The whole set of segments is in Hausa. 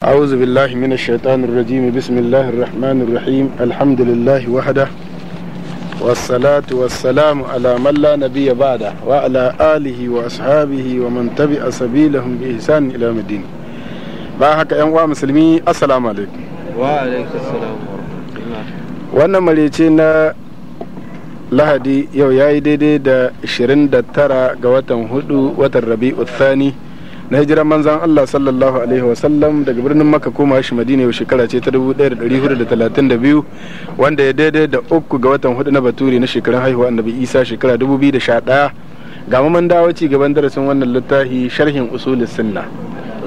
أعوذ بالله من الشيطان الرجيم بسم الله الرحمن الرحيم الحمد لله وحده والصلاة والسلام على من لا نبي بعده وعلى آله وأصحابه ومن تبع سبيلهم بإحسان إلى مدين باهك أنواع مسلمي السلام عليكم وعليكم السلام ورحمة الله wannan malice na lahadi yau ya yi daidai da 29 ga watan hudu watan rabi'u thani na jiran manzan Allah sallallahu alaihi wasallam daga birnin Makka koma shi Madina yau shekara ce ta 1432 wanda ya daidai da uku ga watan hudu na Baturi na shekarun haihuwa Annabi Isa shekara 2011 ga mamman dawo ci gaban darasin wannan littafi sharhin usul sunna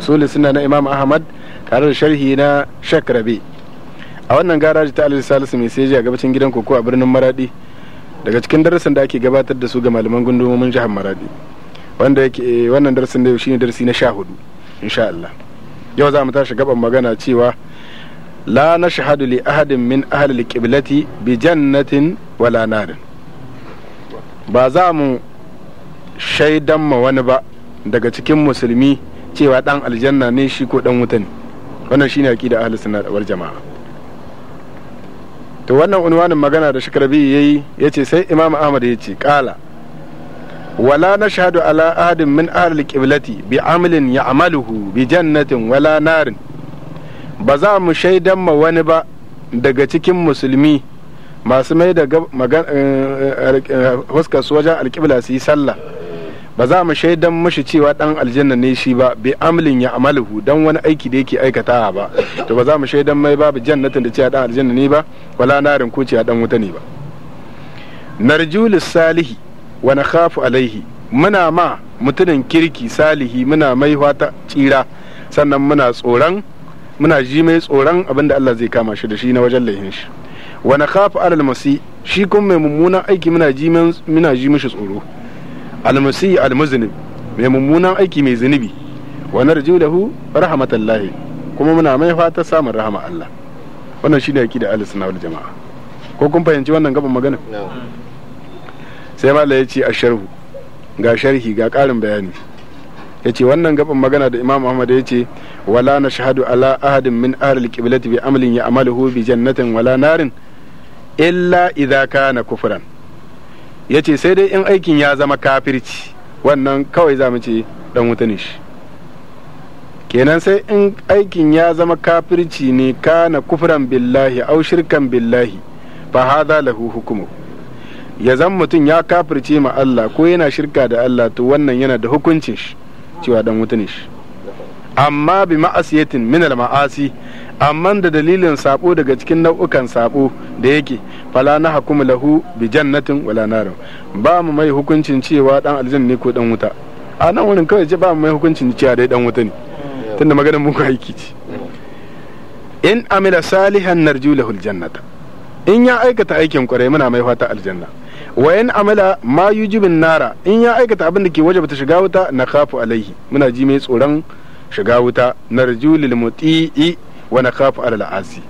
sunna na Imam Ahmad tare da sharhi na Sheikh Rabi a wannan garaji ta Alhaji mai seji a gabacin gidan koko a birnin Maradi daga cikin darasin da ake gabatar da su ga malaman gundumomin jihar Maradi wanda yake eh, wannan darasin da shine darasi na sha hudu insha Allah yau za mu tashi gaban magana cewa la na shahadu li ahadin min ahalil qiblati bi jannatin wala narin ba za mu shaidan ma wani ba daga cikin musulmi cewa dan aljanna ne shi ko dan wuta ne wannan shine aqida ahlus sunna wal jamaa to wannan unwanin magana da shakrabi yayi yace sai imam ahmad yace kala wala nashhadu ala ahadin min ahli qiblati bi amalin ya'maluhu bi jannatin wala narin ba za mu shaidan ma wani ba daga cikin musulmi masu mai da eh, eh, eh, su wajen alƙibla su yi sallah ba za mu shaidan mashi cewa dan aljanna ne shi ba bi amlin ya amalahu dan wani aiki da yake aikatawa ba to ba za mu shaidan mai babu jannatin da cewa dan aljanna ne ba wala narin ko cewa dan wuta ne ba narjul salihi wa nakhafu alaihi muna ma mutumin kirki salihi muna mai ta tsira sannan muna tsoron muna ji mai tsoron abin Allah zai kama shi da shi na wajen laihin shi wa nakhafu alal masi shi kun mai mummunan aiki muna ji muna ji mishi tsoro al masi al muznib mai mummunan aiki mai zunubi wa narju lahu rahmatallahi kuma muna mai fata samun rahama Allah wannan shine aqida ahlus sunna wal jamaa ko kun fahimci wannan gaban magana sai Malla ya ce a sharhu ga sharhi ga karin bayani ya ce wannan gaban magana da imam ahmad ya ce wala na shahadu ala ahadin min ahalil qiblati bi amalin ya amaluhu bi jannatin wala narin illa idza kana kufran ya ce sai dai in aikin ya zama kafirci wannan kawai za mu ce dan wuta ne shi kenan sai in aikin ya zama kafirci ne kana kufran billahi au shirkan billahi fa hadha lahu hukumu ya zan mutum ya kafirce ma Allah ko yana shirka da Allah to wannan yana da hukuncin shi cewa dan wuta ne shi amma bi ma'asiyatin min al ma'asi amma da dalilin sabo daga cikin nau'ukan sabo da yake fala na hakum lahu bi jannatin wala narin ba mu mai hukuncin cewa dan aljanna ne ko dan wuta a nan wurin kawai ce ba mu mai hukuncin cewa dai dan wuta ne tunda maganar ku aiki ce in amila salihan narju lahul jannata in ya aikata aikin kwarai muna mai fata aljanna wa in amala ma yujibin nara in ya aikata abin da ke waje bata shiga wuta na kafu alaihi muna ji mai tsoron shiga wuta rajulil muti'i wa na kafu al'azi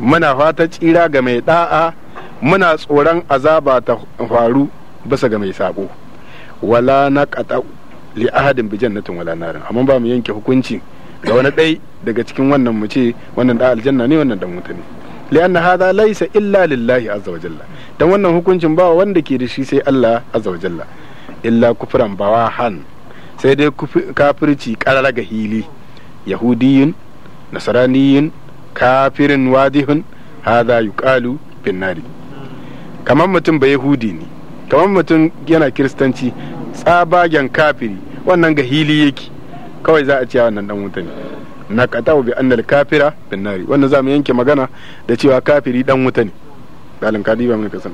muna fata tsira ga mai da'a muna tsoron azaba ta faru bisa ga mai sabo wala na kata li ahadin bi jannatin wala narin amma ba mu yanke hukunci ga wani dai daga cikin wannan mu ce wannan da aljanna ne wannan dan mutane لأن هذا ليس illa lillahi عز وجل دم dan wannan hukuncin ba wanda ke da shi sai Allah azza wa jalla illa kufran bawahan sai dai kafirci karara ga hili yahudiyin nasraniyin kafirin wadihun hada yuqalu bin nari kamar mutum ba yahudi ne kamar mutum yana kiristanci tsabagen kafiri wannan ga hili yake kawai za a ce wannan dan wuta ne na qata'u bi annal kafira bin nari wannan zamu yanke magana da cewa kafiri dan wuta ne dalin kadi ba mun kasan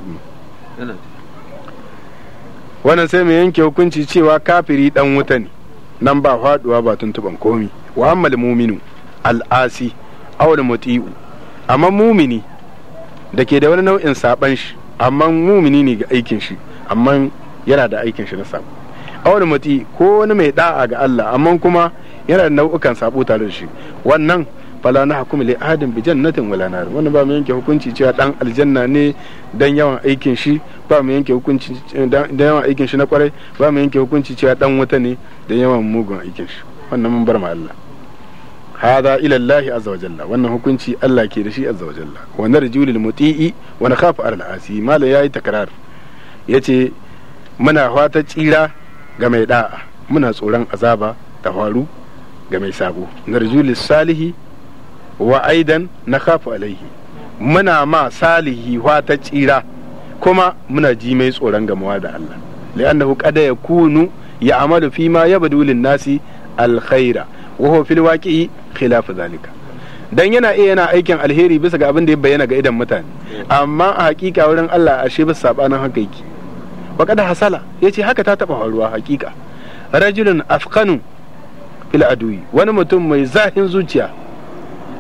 wannan sai mu yanke hukunci cewa kafiri dan wuta ne nan ba faduwa ba tuntuban komi wa ammal muminu al'asi al muti'u amma mumini da ke da wani nau'in saban shi amma mumini ne ga aikin shi amma yana da aikin shi na sabo al muti ko wani mai da'a ga Allah amma kuma yana da nau'ukan sabo tare da shi wannan fala na hukum li adam bi jannatin wala nar wannan ba mu yanke hukunci cewa dan aljanna ne dan yawan aikin shi ba mu yanke hukunci dan yawan aikin shi na kwarai ba mu yanke hukunci cewa dan wuta ne dan yawan mugun aikin shi wannan mun bar ma Allah hada ila Allah azza wa jalla wannan hukunci Allah ke da shi azza wa jalla wa narju lil muti'i wa nakhafu al asi mala yayi takrar yace muna fata tsira ga mai da'a muna tsoron azaba ta faru ga mai sabo narjulis salihi wa aidan na kafu alaihi muna ma salihi ta tsira kuma muna ji mai tsoron gamawa da Allah li'annahu qad yakunu ya'malu fi ma yabdu lin-nasi alkhaira wa huwa fil waqi'i khilaf zalika dan yana iya yana aikin alheri bisa ga abin da ya bayyana ga idan mutane amma a hakika wurin Allah ashe ba sabanin haka yake wa qad hasala yace haka ta taba faruwa hakika rajulun afqanu ila wani mutum mai zahin zuciya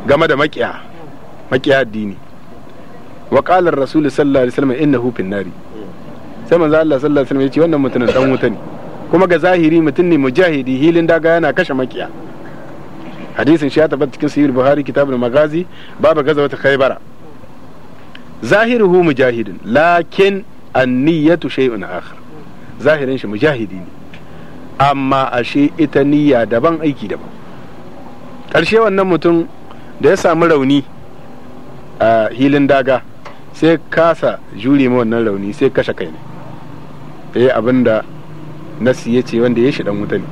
game da makiya makiya addini wa qala ar-rasul sallallahu alaihi wasallam innahu fin nari sai manzo Allah sallallahu alaihi wasallam yace wannan mutumin dan wuta ne kuma ga zahiri mutum ne mujahidi hilin daga yana kashe makiya hadisin shi ya tabbata cikin sahih buhari kitabul magazi babu gazawata khaybara zahiruhu mujahidin lakin an niyyatu shay'un akhar zahirin shi mujahidi ne amma ashe ita niyya daban aiki daban ƙarshe wannan mutum da ya samu rauni a hilin daga sai kasa jure ma wannan rauni sai kashe kai ne eh abinda nasi ya ce wanda ya shi dan wuta ne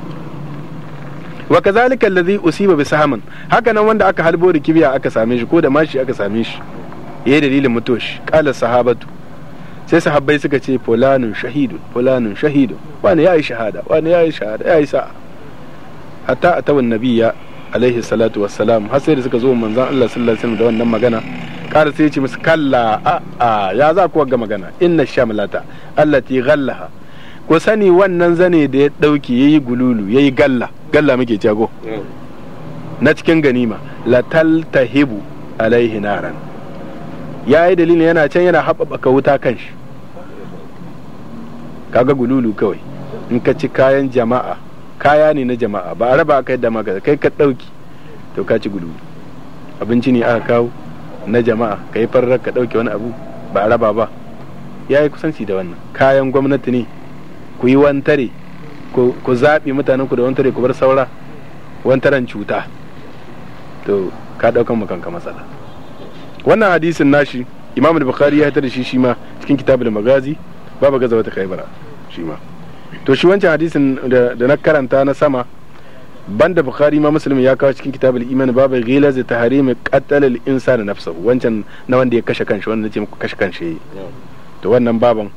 wa kazalika allazi usiba bi sahamin haka nan wanda aka halbo da kibiya aka same shi ko da mashi aka same shi yayi dalilin mutuwa shi qala sahabatu sai sahabbai suka ce fulanin shahidu fulanin shahidu wani ya yi shahada wani ya yi shahada ya yi sa'a hatta tabin nabiya alaihi salatu wassalam har sai da suka zo manzon Allah sallallahu alaihi wasallam da wannan magana kara sai ya ce musu kalla a a ya za ku ga magana inna shamlata allati ghallaha ku sani wannan zane da ya dauki yayi gululu yayi galla galla muke jago na cikin ganima latal tahibu alaihi naran ya yi dalilin yana can yana haɓaɓaka wuta kan shi kaga gululu kawai in ka ci kayan jama'a kaya ne na jama'a ba a raba yadda ma ka kai ka ɗauki to ka ci gululu abinci ne aka kawo na jama'a ka yi farar ka ɗauki wani abu ba a raba ba ya yi kusanci da wannan kayan gwamnati ne ku yi wantare ku zaɓi mutanen ku da wantare ku bar saura wantaren cuta to ka ɗaukan mu kanka matsala wannan hadisin nashi imam bukhari ya da shi shi ma cikin kitabul magazi babu gazawa ta kaibara shi ma to shi wancan hadisin da na karanta na sama banda bukhari ma muslim ya kawo cikin kitabul iman babu ghila za tahrim qatl al insan nafsuhu wancan na wanda ya kashe kanshi wanda nace muku kashe kanshi to wannan baban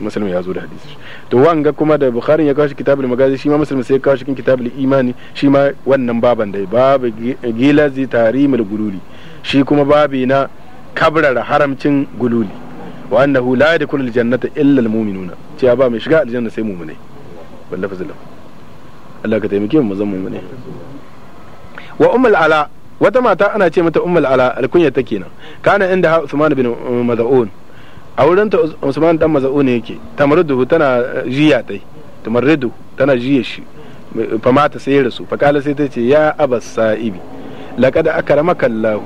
muslim ya zo da hadisi to wanga kuma da bukhari ya kawo shi kitabul magazi shi ma muslim sai ya kawo cikin kitabul imani shi ma wannan baban dai babu ghila za tahrim al gululi shi kuma babi na kabrara haramcin gululi wa annahu la yadkhulu aljannata illa almu'minuna cewa ba mai shiga aljanna sai mu'mine wallahi fazalam Allah ka taimake mu zan mu'mine wa ummul ala wata mata ana ce mata ummul ala alkunya ta kenan kana inda ha Usman bin uh, Maz'un a wurin ta Usman dan Maz'un yake tamarrudu tana uh, jiya tai tamarrudu tana jiya shi fa mata sai rasu fa kala sai ta ce ya abas sa'ibi laqad akramaka Allah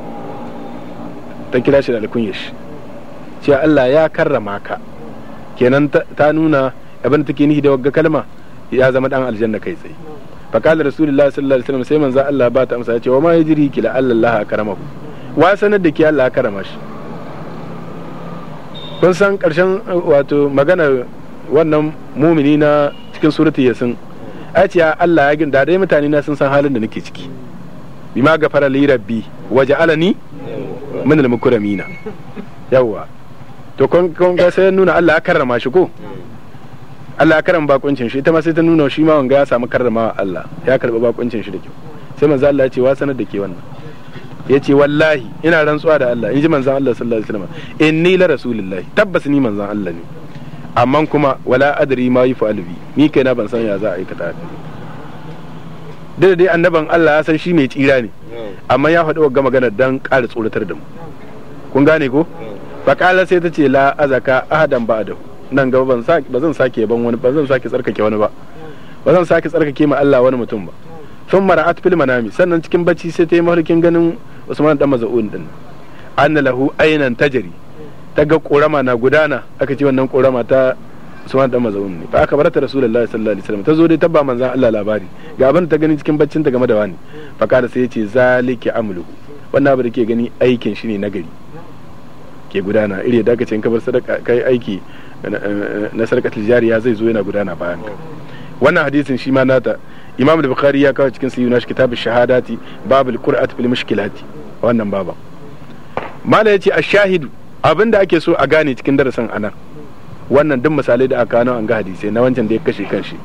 ta kira shi da alkunya shi cewa Allah ya karrama ka kenan ta nuna abin take nihi da wagga kalma ya zama dan aljanna kai tsaye fa qala rasulullahi sallallahu alaihi wasallam sai manzo Allah ba ta amsa ya ce wa ma yajri ki la Allah ku wa sanar da ki Allah karama shi kun san karshen wato magana wannan mumini na cikin surati yasin a ce Allah ya gin da dai mutane na sun san halin da nake ciki bima gafara li rabbi waje alani min al-mukramina yawa to kun ga sai nuna Allah ya karrama shi ko Allah ya karrama bakuncin shi ita ma sai ta nuna shi ma wanga ya samu karrama Allah ya karba bakuncin shi da kyau sai manzo Allah ya ce wa sanar da ke wannan yace wallahi ina rantsuwa da Allah in ji manzon Allah sallallahu alaihi wasallam inni la rasulillahi tabbas ni manzo Allah ne amma kuma wala adri ma yufalu bi ni kaina ban san ya za a aikata da dai annaban Allah ya san shi mai tsira ne amma ya faɗi wa magana dan ƙara tsoratar da mu kun gane ko faƙala sai ta ce la azaka ahadan ba da nan gaba ba zan sake ban wani ba zan sake tsarkake wani ba ba zan sake tsarkake ma Allah wani mutum ba sun mara fil manami sannan cikin bacci sai ta yi mafarkin ganin Usman dan mazaun din anna lahu aynan tajri ta ga ƙorama na gudana aka ce wannan ƙorama ta Usman dan mazaun ne fa aka barata Rasulullahi sallallahu alaihi wasallam ta zo dai tabba manzon Allah labari ga abin ta gani cikin baccin ta game da wani fa kada sai ya ce zalika amluhu wannan abu da ke gani aikin shi ne nagari ke gudana iri da kace in ka bar sadaka kai aiki eh, eh, na sarkatul jariya zai zo yana gudana bayan ka wannan hadisin shi ma nata imam al-bukhari ya kawo cikin shi kitabin shahadati babul qur'at fil mushkilati wannan baba mala yace ash-shahidu abinda ake so a gane cikin darasin anan wannan duk misalai da aka kawo an ga hadisai na wancan da ya kashe kanshi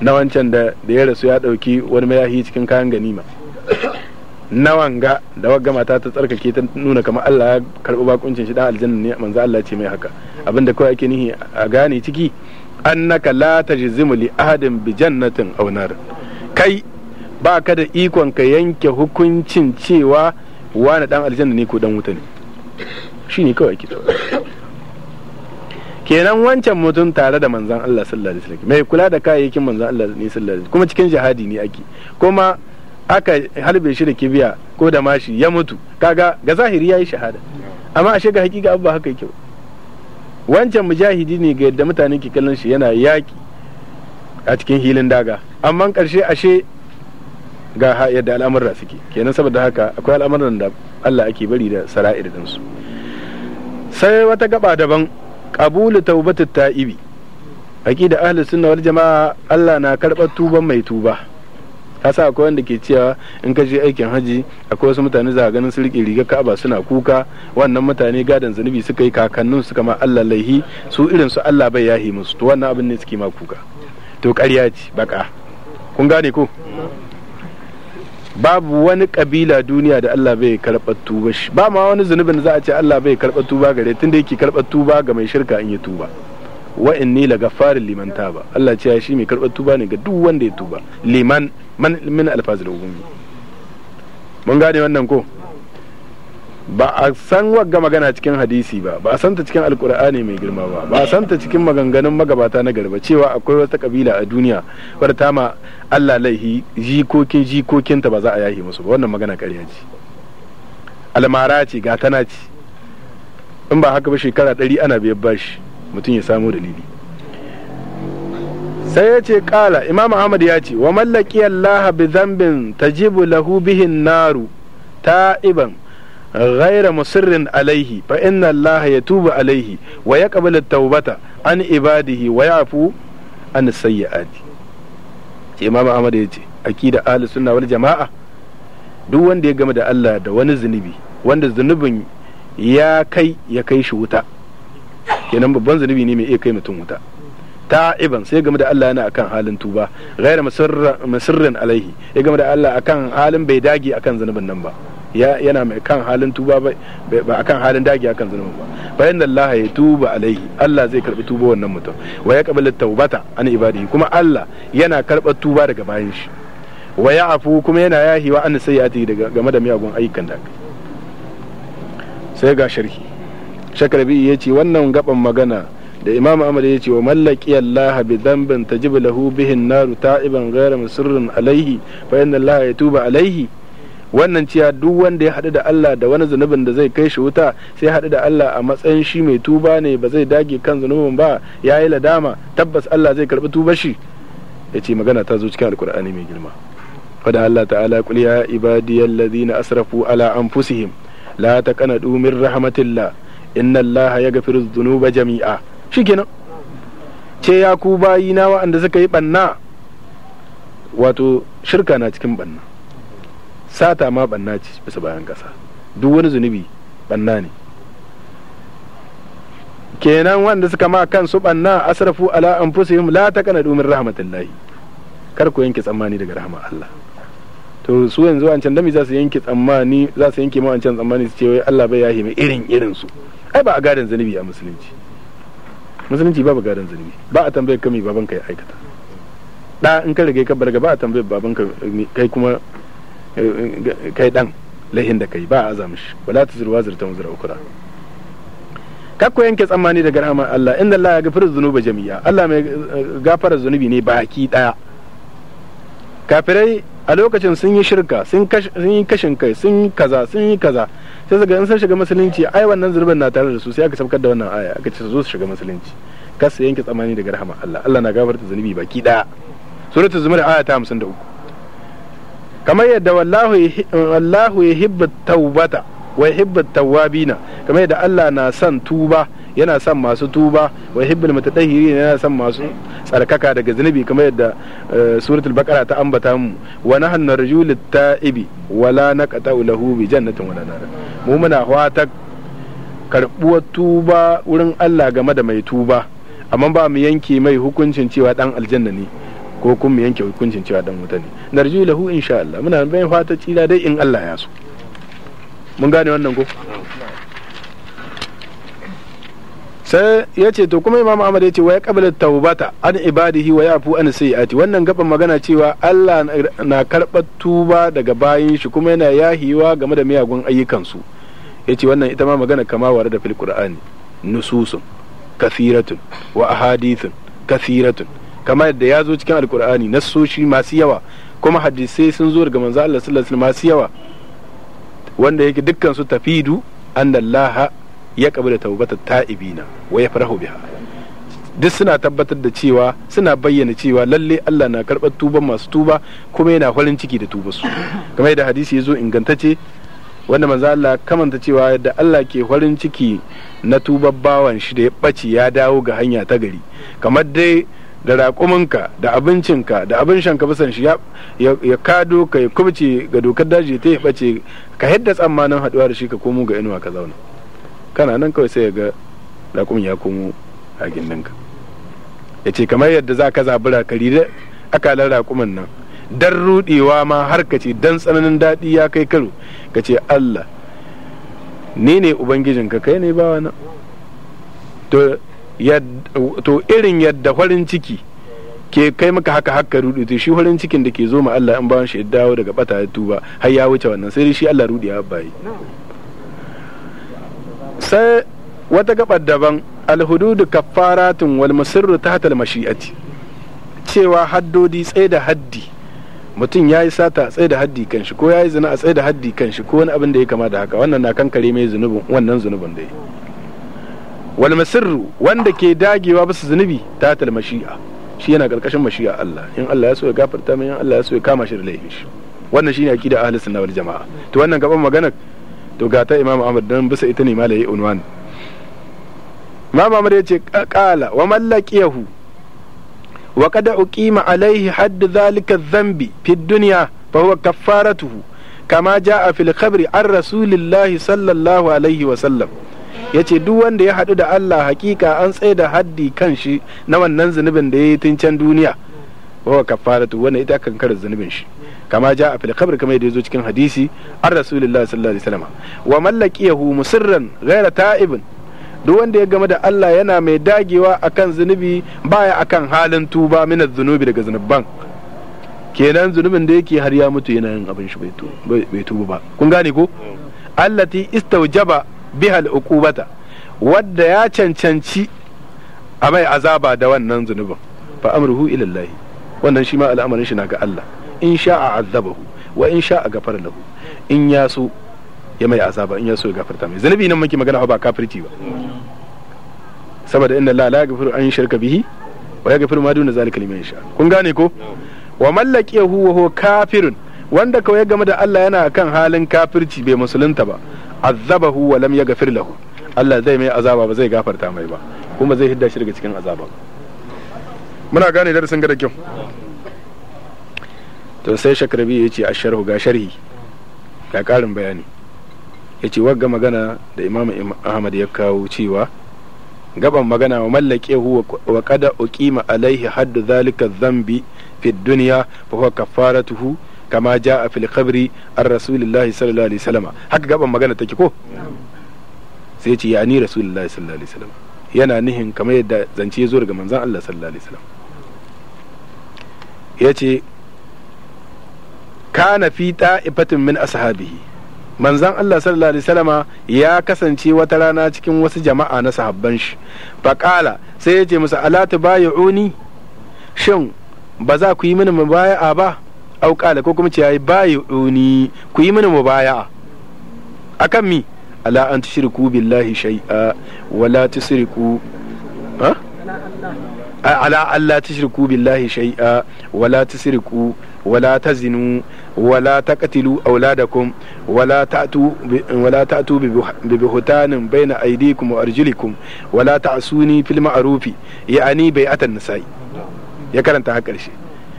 na wancan da ya rasu ya ɗauki wani mayahi cikin kayan ganima na wanga da wagga mata ta tsarkake ta nuna kamar Allah ya karbi bakuncin shi dan aljanna ne manzo Allah ce mai haka abinda kawai ake nihi a gane ciki annaka la tajzimu li ahadin bi jannatin aw nar kai ba ka da ikon ka yanke hukuncin cewa wani dan aljanna ne ko dan wuta ne shine kawai ake kenan wancan mutum tare da manzan Allah sallallahu alaihi wasallam mai kula da kayayyakin manzan Allah ne sallallahu alaihi kuma cikin jihadi ne ake kuma aka halbe shi da kibiya ko da mashi ya mutu kaga ga zahiri yayi shahada amma ashe ga hakika abu ba haka yake wancan mujahidi ne ga yadda mutane ke kallon shi yana yaki a cikin hilin daga amma karshe ashe ga yadda al'amurra suke kenan saboda haka akwai al'amuran da Allah ake bari da sara'ir din su sai wata gaba daban qabulu taubatut ta'ibi aqida ahlus sunna wal jamaa Allah na karbar tuban mai tuba kasa sa akwai wanda ke cewa in ka je aikin haji akwai wasu mutane za a ganin su rike riga ka'aba suna kuka wannan mutane gadan zanubi suka yi kakannin suka ma Allah laihi su irin su Allah bai yahi musu to wannan abin ne suke ma kuka to ƙarya ce baka kun gane ko babu wani kabila duniya da Allah bai karɓar tuba shi ba ma wani zunubin za a ce Allah bai karɓar tuba gare tun da yake karɓar tuba ga mai shirka in yi tuba wa inni la gafarin liman taba Allah ce shi mai karɓar tuba ne ga duk wanda ya tuba liman man min alfazil umumi mun gane wannan ko ba a san wagga magana cikin hadisi ba ba a santa ta cikin alkur'ani mai girma ba ba a san ta cikin maganganun magabata na garba cewa akwai wata kabila a duniya wadda ta ma Allah laihi jikokin jikokinta ba za a yahi musu ba wannan magana ƙarya ce almara ce gatana ce in ba haka ba shekara ɗari ana biyar bashi mutum ya samo dalili sai ya ce kala imam ahmad ya ce wa mallaki allah bi zambin tajibu lahu bihin naru ta'iban غير مصر عليه alaihi الله يتوب عليه ويقبل التوبة عن عباده ويعفو عن ce Imam Ahmad ya ce da ahli sunna wani jama'a duk wanda ya gama da Allah da wani zunubi wanda zunubin ya kai ya kai shi wuta kenan babban zunubi ne mai iya kai mutum wuta ta'iban sai game da Allah yana akan halin tuba ghaira masirrin alaihi ya game da Allah akan halin bai dage akan zunubin nan ba yana mai kan halin tuba ba akan halin dage akan zunubin ba bayan Allah ya tuba alaihi Allah zai karbi tuba wannan mutum wa ya qabala taubata an ibadihi kuma Allah yana karbar tuba daga bayan shi wa ya afu kuma yana yahiwa an sayyati daga game da miyagun ayyukan da sai ga sharhi shakarbi ya ce wannan gaban magana da imam ahmad ya ce wa mallaki allah bi dhanbin tajibu lahu bihin naru ta'iban ghayra musirrin alaihi fa inna allah tuba alaihi wannan ciya duk wanda ya haɗu da Allah da wani zunubin da zai kai shi wuta sai haɗu da Allah a matsayin shi mai tuba ne ba zai dage kan zunubin ba ya yi ladama tabbas Allah zai karɓi tuba shi ya ce magana ta zo cikin alkur'ani mai girma fada Allah ta'ala qul ya ibadiyal ladina asrafu ala anfusihim la taqanatu min rahmatillah inna Allah ya gafiru zunuba jami'a kenan ce ya ku bayi na wa'anda suka yi banna wato shirka na cikin banna sata ma banna ce bisa bayan kasa duk wani zunubi banna ne kenan wanda suka ma kansu banna asrafu ala anfusihim la taqnatu min rahmatillahi kar ku yanke tsammani daga rahama Allah to su yanzu wancan dami za su yanke tsammani za su yanke ma wancan tsammani su ce wai Allah bai yahi mai irin irin su ai ba a gadan zanubi a musulunci musulunci ba ba gadan zanubi ba a tambayar kami baban ka ya aikata da in ka rage ka barga ba a tambayar baban ka kai kuma eh, eh, kai dan lahin da kai ba a azam shi wala tuzur wazir ta muzura ukura kakko yanke tsammani daga rahama Allah inda Allah ya gafara zunuba jami'a Allah mai eh, gafara zunubi ne baki daya kafirai a lokacin sun yi shirka sun yi kashin kai sun yi kaza sun yi kaza sai suka in sun shiga musulunci ai wannan zurbin na tare da su sai aka saukar da wannan aya aka ce su zo su shiga musulunci kas sai yanke tsamani daga rahama Allah Allah na gafarta zunubi baki daya suratul zumar aya ta 53 kamar yadda wallahu wallahu yuhibbu tawbata wa yuhibbu tawabina kamar yadda Allah na son tuba yana son masu tuba wa yuhibbul mutatahhirin yana son masu tsarkaka daga zunubi kamar yadda eh, suratul baqara ta ambata mu wa nahnu rajul ta'ibi wala naqata lahu bi jannatin wala nar mu muna hwata karbuwar tuba wurin Allah game da mai tuba amma ba mu yanke mai hukuncin cewa dan aljanna ne ko kuma mu yanke hukuncin cewa dan wuta ne narju lahu insha Allah muna bayan fata tsira dai in Allah ya so mun gane wannan ko sai ya ce to kuma imam ahmad ya ce wa ya kabila taubata an ibadihi wa yafu an sayyati wannan gaban magana cewa Allah na karɓar tuba daga bayan shi kuma yana yahiwa game da miyagun ayyukansu ya ce wannan ita ma magana kama ware da fil qur'ani nususun kathiratun wa ahadithun kathiratun kama yadda ya zo cikin alkur'ani nassoshi masu yawa kuma hadisai sun zo daga manzo Allah sallallahu alaihi wasallam masu yawa wanda yake dukkan su tafidu annallaha ya da taubata ta'ibina wa ya farahu biha duk suna tabbatar da cewa suna bayyana cewa lalle Allah na karɓar tuban masu tuba kuma yana farin ciki da tuba su kamar da hadisi ya zo ingantacce wanda manzo Allah kamanta cewa yadda Allah ke farin ciki na tubar bawan shi da ya ɓaci ya dawo ga hanya ta gari kamar dai da raƙuminka da abincinka da abin shanka bisan shi ya kado ka ya kubce ga dokar daji ta ya ɓace ka yadda tsammanin haɗuwa da shi ka komo ga inuwa ka zauna kana nan kawai sai ga raƙumin ya komo a gindinka ya ce kamar yadda za ka zabura ka aka akalar raƙumin nan dan rudewa ma har ka ce dan tsananin daɗi ya kai karo ka ce Allah ni ne ubangijinka kai ne bawa na to irin yadda farin ciki ke kai maka haka haka rudu to shi farin cikin da ke zo ma Allah in bawan shi ya dawo daga bata ya tuba har ya wuce wannan sai shi Allah rudi ya bayi sai wata gabar daban alhududu kaffaratun wal musirru tahta mashi'ati cewa haddodi tsaye da haddi mutum ya yi sata a tsaye da haddi kan shi ko ya yi zina a tsaye da haddi kan shi ko wani abin da ya kama da haka wannan na kankare mai zunubin wannan zunubin da ya wal musirru wanda ke dagewa bisa zunubi tahtal mashi'a shi yana karkashin mashi'a Allah in Allah ya so ya gafarta min in Allah ya so ya kama shi da laifin shi wannan shine akida ahlus sunna wal jamaa to wannan gaban maganar to ga ta imam ahmad dan bisa ita ne malaye unwan imam ahmad ya ce kala wa mallaqiyahu wa kada uqima alaihi hadd zalika dhanbi fi dunya fa huwa kafaratuhu kama jaa fil khabri an rasulillahi sallallahu alaihi wa sallam yace duk wanda ya haɗu da Allah hakika an tsaye da haddi kan shi na wannan zunubin da ya yi tun can duniya wa kafaratu wannan ita kan zunubin shi kama ja a fil kabir kamar yadda ya zo cikin hadisi an rasulullahi sallallahu alaihi wasallam wa mallakiyahu musirran ghaira ta'ibin duk wanda ya game da Allah yana mai dagewa akan zunubi baya akan halin tuba min zunubi daga zunuban kenan zunubin da yake har ya mutu yana yin abin shi bai tuba ba kun gane ko allati istawjaba bihal uqubata wadda ya cancanci a mai azaba da wannan zunubin fa amruhu wannan shi ma al'amarin shi na ga Allah in sha'a azabahu wa in sha'a gafar lahu in ya so ya mai azaba in ya so ya gafarta mai zanabi nan muke magana ba kafirci ba saboda inna la la gafiru an shirka bihi wa yaghfiru ma duna zalika liman yasha kun gane ko wa mallakiyahu wa huwa kafirun wanda kawai game da Allah yana kan halin kafirci bai musulunta ba azabahu wa lam yaghfir lahu Allah zai mai azaba ba zai gafarta mai ba kuma zai hidda shi daga cikin azaba muna gane darasin ga da kyau to sai shakarabi ya ce a sharhu ga sharhi ga karin bayani ya ce wagga magana da imamu ahmad ya kawo cewa gaban magana wa mallake hu wa kada uqima alaihi haddu zalika zambi fi dunya fa huwa kafaratuhu kama jaa fil khabri ar rasulillahi sallallahu alaihi wasallam haka gaban magana take ko sai ce ni rasulullahi sallallahu alaihi wasallam yana nihin kamar yadda zance zuwa ga daga manzon Allah sallallahu alaihi wasallam ce. kana fi ifatin min ashabihi manzan Allah sallallahu alaihi wasallama ya kasance wata rana cikin wasu jama'a na sahabban shi faqala sai ya ce musu ala tubayuni shin ba za ku yi mini mubaya'a ba au qala ko kuma ce yayi bayuni ku yi mini mubaya'a akan mi ala an tushriku billahi shay'a wala tusriku ha ala Allah tushriku billahi shay'a wa la tusriku wa tazinu wala taqtilu auladakum wala ta'tu wala ta'tu bi buhtanin baina aydikum a arjulikum wala ta'suni fil ma'rufi ya'ani bai'atan nisa'i ya karanta har karshe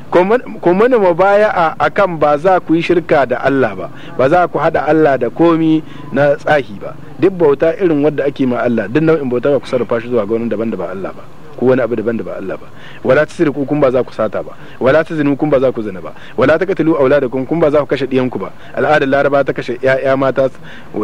ko mana mabaya a kan ba za ku shirka da Allah ba ba za ku haɗa Allah da komi na tsahi ba duk bauta irin wadda ake ma Allah duk nau'in bauta ba ku sarrafa shi zuwa ga wani daban da ba Allah ba ko wani abu daban da ba Allah ba wala tasriqu kun ba za ku sata ba wala tazinu kun ba za ku zina ba wala taqtulu auladakum kun ba za ku kashe diyanku ba al'ada laraba ta kashe yaya mata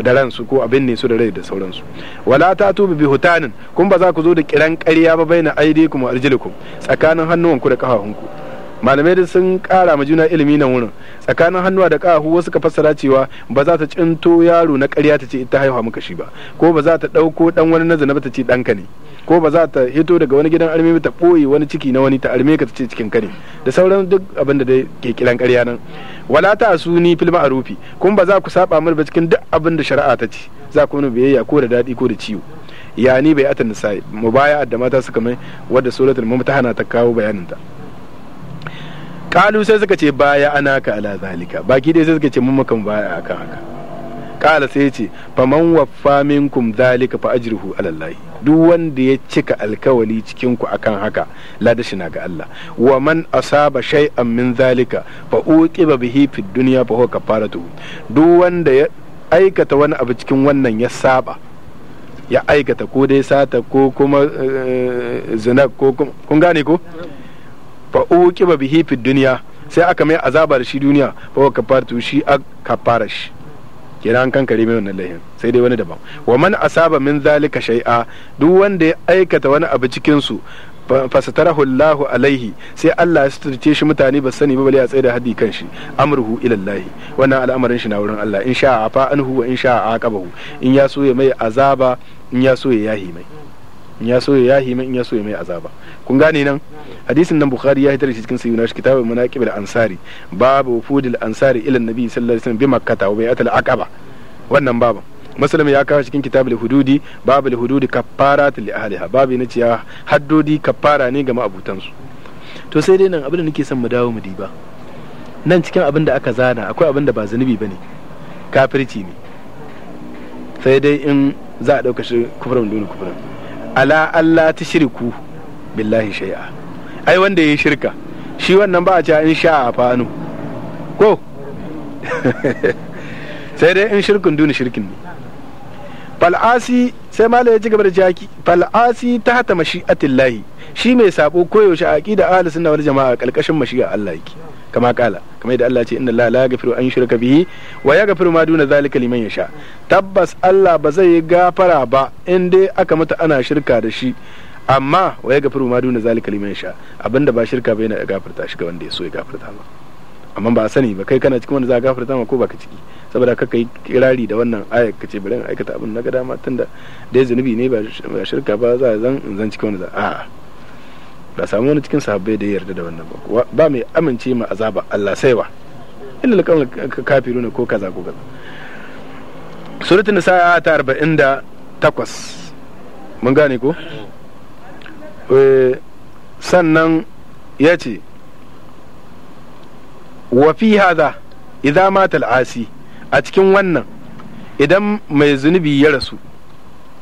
da ransu ko abin ne su da rai da sauransu wala tatu bi hutanin kun ba za ku zo da kiran ƙarya ba baina aidikum wa arjilikum tsakanin hannuwanku da kafafunku malamai da sun kara ma juna ilimi nan wurin tsakanin hannuwa da kahu wasu ka fassara cewa ba za ta cinto yaro na ƙarya ta ce ita haihuwa muka shi ba ko ba za ta ɗauko ɗan wani na zanaba ta ce ɗanka ne ko ba za ta hito daga wani gidan armi ta ɓoye wani ciki na wani ta arme ka ta ce cikin ka ne da sauran duk abin da dai ke kiran ƙarya nan wala ta su ni fil ma'rufi kun ba za ku saba mana ba cikin duk abin da shari'a ta ce za ku nuna biyayya ko da daɗi ko da ciwo yani bai atan nisa'i mubaya'a da mata suka mai wadda suratul mumtahana ta kawo bayanin ta kalu sai suka ce baya ana ka ala zalika baki dai sai suka ce mun makan baya akan haka kala sai ce man waffa minkum zalika fa ajruhu ala Allah duk wanda ya cika alkawali cikin ku akan haka ladashi na ga Allah wa man asaba shay'an min zalika fa uqiba bihi fid dunya fa huwa kafaratu duk wanda ya aikata wani abu cikin wannan ya saba ya aikata ko dai sata ko kuma eh, zina ko kun gane ko fa ba bihi fi duniya sai aka mai azaba da shi duniya fa wa kafartu shi a kafara shi kenan an kankare mai wannan laifin sai dai wani daban wa man asaba min zalika shay'a duk wanda ya aikata wani abu cikin su fasatarahu Allahu alaihi sai Allah ya suturce shi mutane ba sani ba bale ya tsaida hadi kan shi amruhu ila Allah wannan al'amarin shi na wurin Allah in sha'a fa anhu wa in sha'a aqabahu in ya so ya mai azaba in ya so ya yahi mai in ya soya ya yahi in ya soya mai azaba kun gane nan hadisin nan bukhari ya hitar shi cikin sayyidina shi kitabul manaqib al ansari babu wufudil ansari ila nabi sallallahu alaihi wasallam bi makkah wa atal aqaba wannan babu muslim ya kawo cikin kitabul hududi babu babul hududi kaffarat li ahliha babu ne ciya haddodi kafara ne ga ma'abutansu to sai dai nan abin da nake son mu dawo mu diba nan cikin abin da aka zana akwai abin da ba zunubi bane kafirci ne sai dai in za a ɗauka shi kufurin dole kufurin ala Allah ta shirku billahi shai'a ai wanda ya yi shirka shi wannan ba a cewa in sha a fanu ko sai dai in shirkin duni shirkin ne fal'asi sai mala ya ci gaba da jaki fal'asi ta hata mashi'atillahi shi mai sabo koyaushe a aqida ahlus sunna wal jama'a kalkashin mashi'a Allah yake kama kala kama yadda Allah ce inna Allah la yaghfiru an yushraka bihi wa yaghfiru ma duna zalika liman yasha tabbas Allah ba zai gafara ba in dai aka mata ana shirka da shi amma wa yaghfiru ma duna zalika liman yasha abinda ba shirka ba yana gafarta shi ga wanda ya so ya gafarta ma amma ba sani ba kai kana cikin wanda za a gafarta ma ko baka ciki saboda ka kai kirari da wannan aya ka ce bari in aikata abin na ga dama tunda dai zunubi ne ba shirka ba za zan zan cikin wanda za a ba samu wani cikin sahabbai da ya yarda da wannan ba ba mai amince ma azaba Allah sai wa illa kan kafiru ne ko kaza ko kaza suratul nisa ta 48 mun gane ko eh, sannan ya ce wa fi hadha idza mata al'asi a cikin wannan idan mai zunubi ya rasu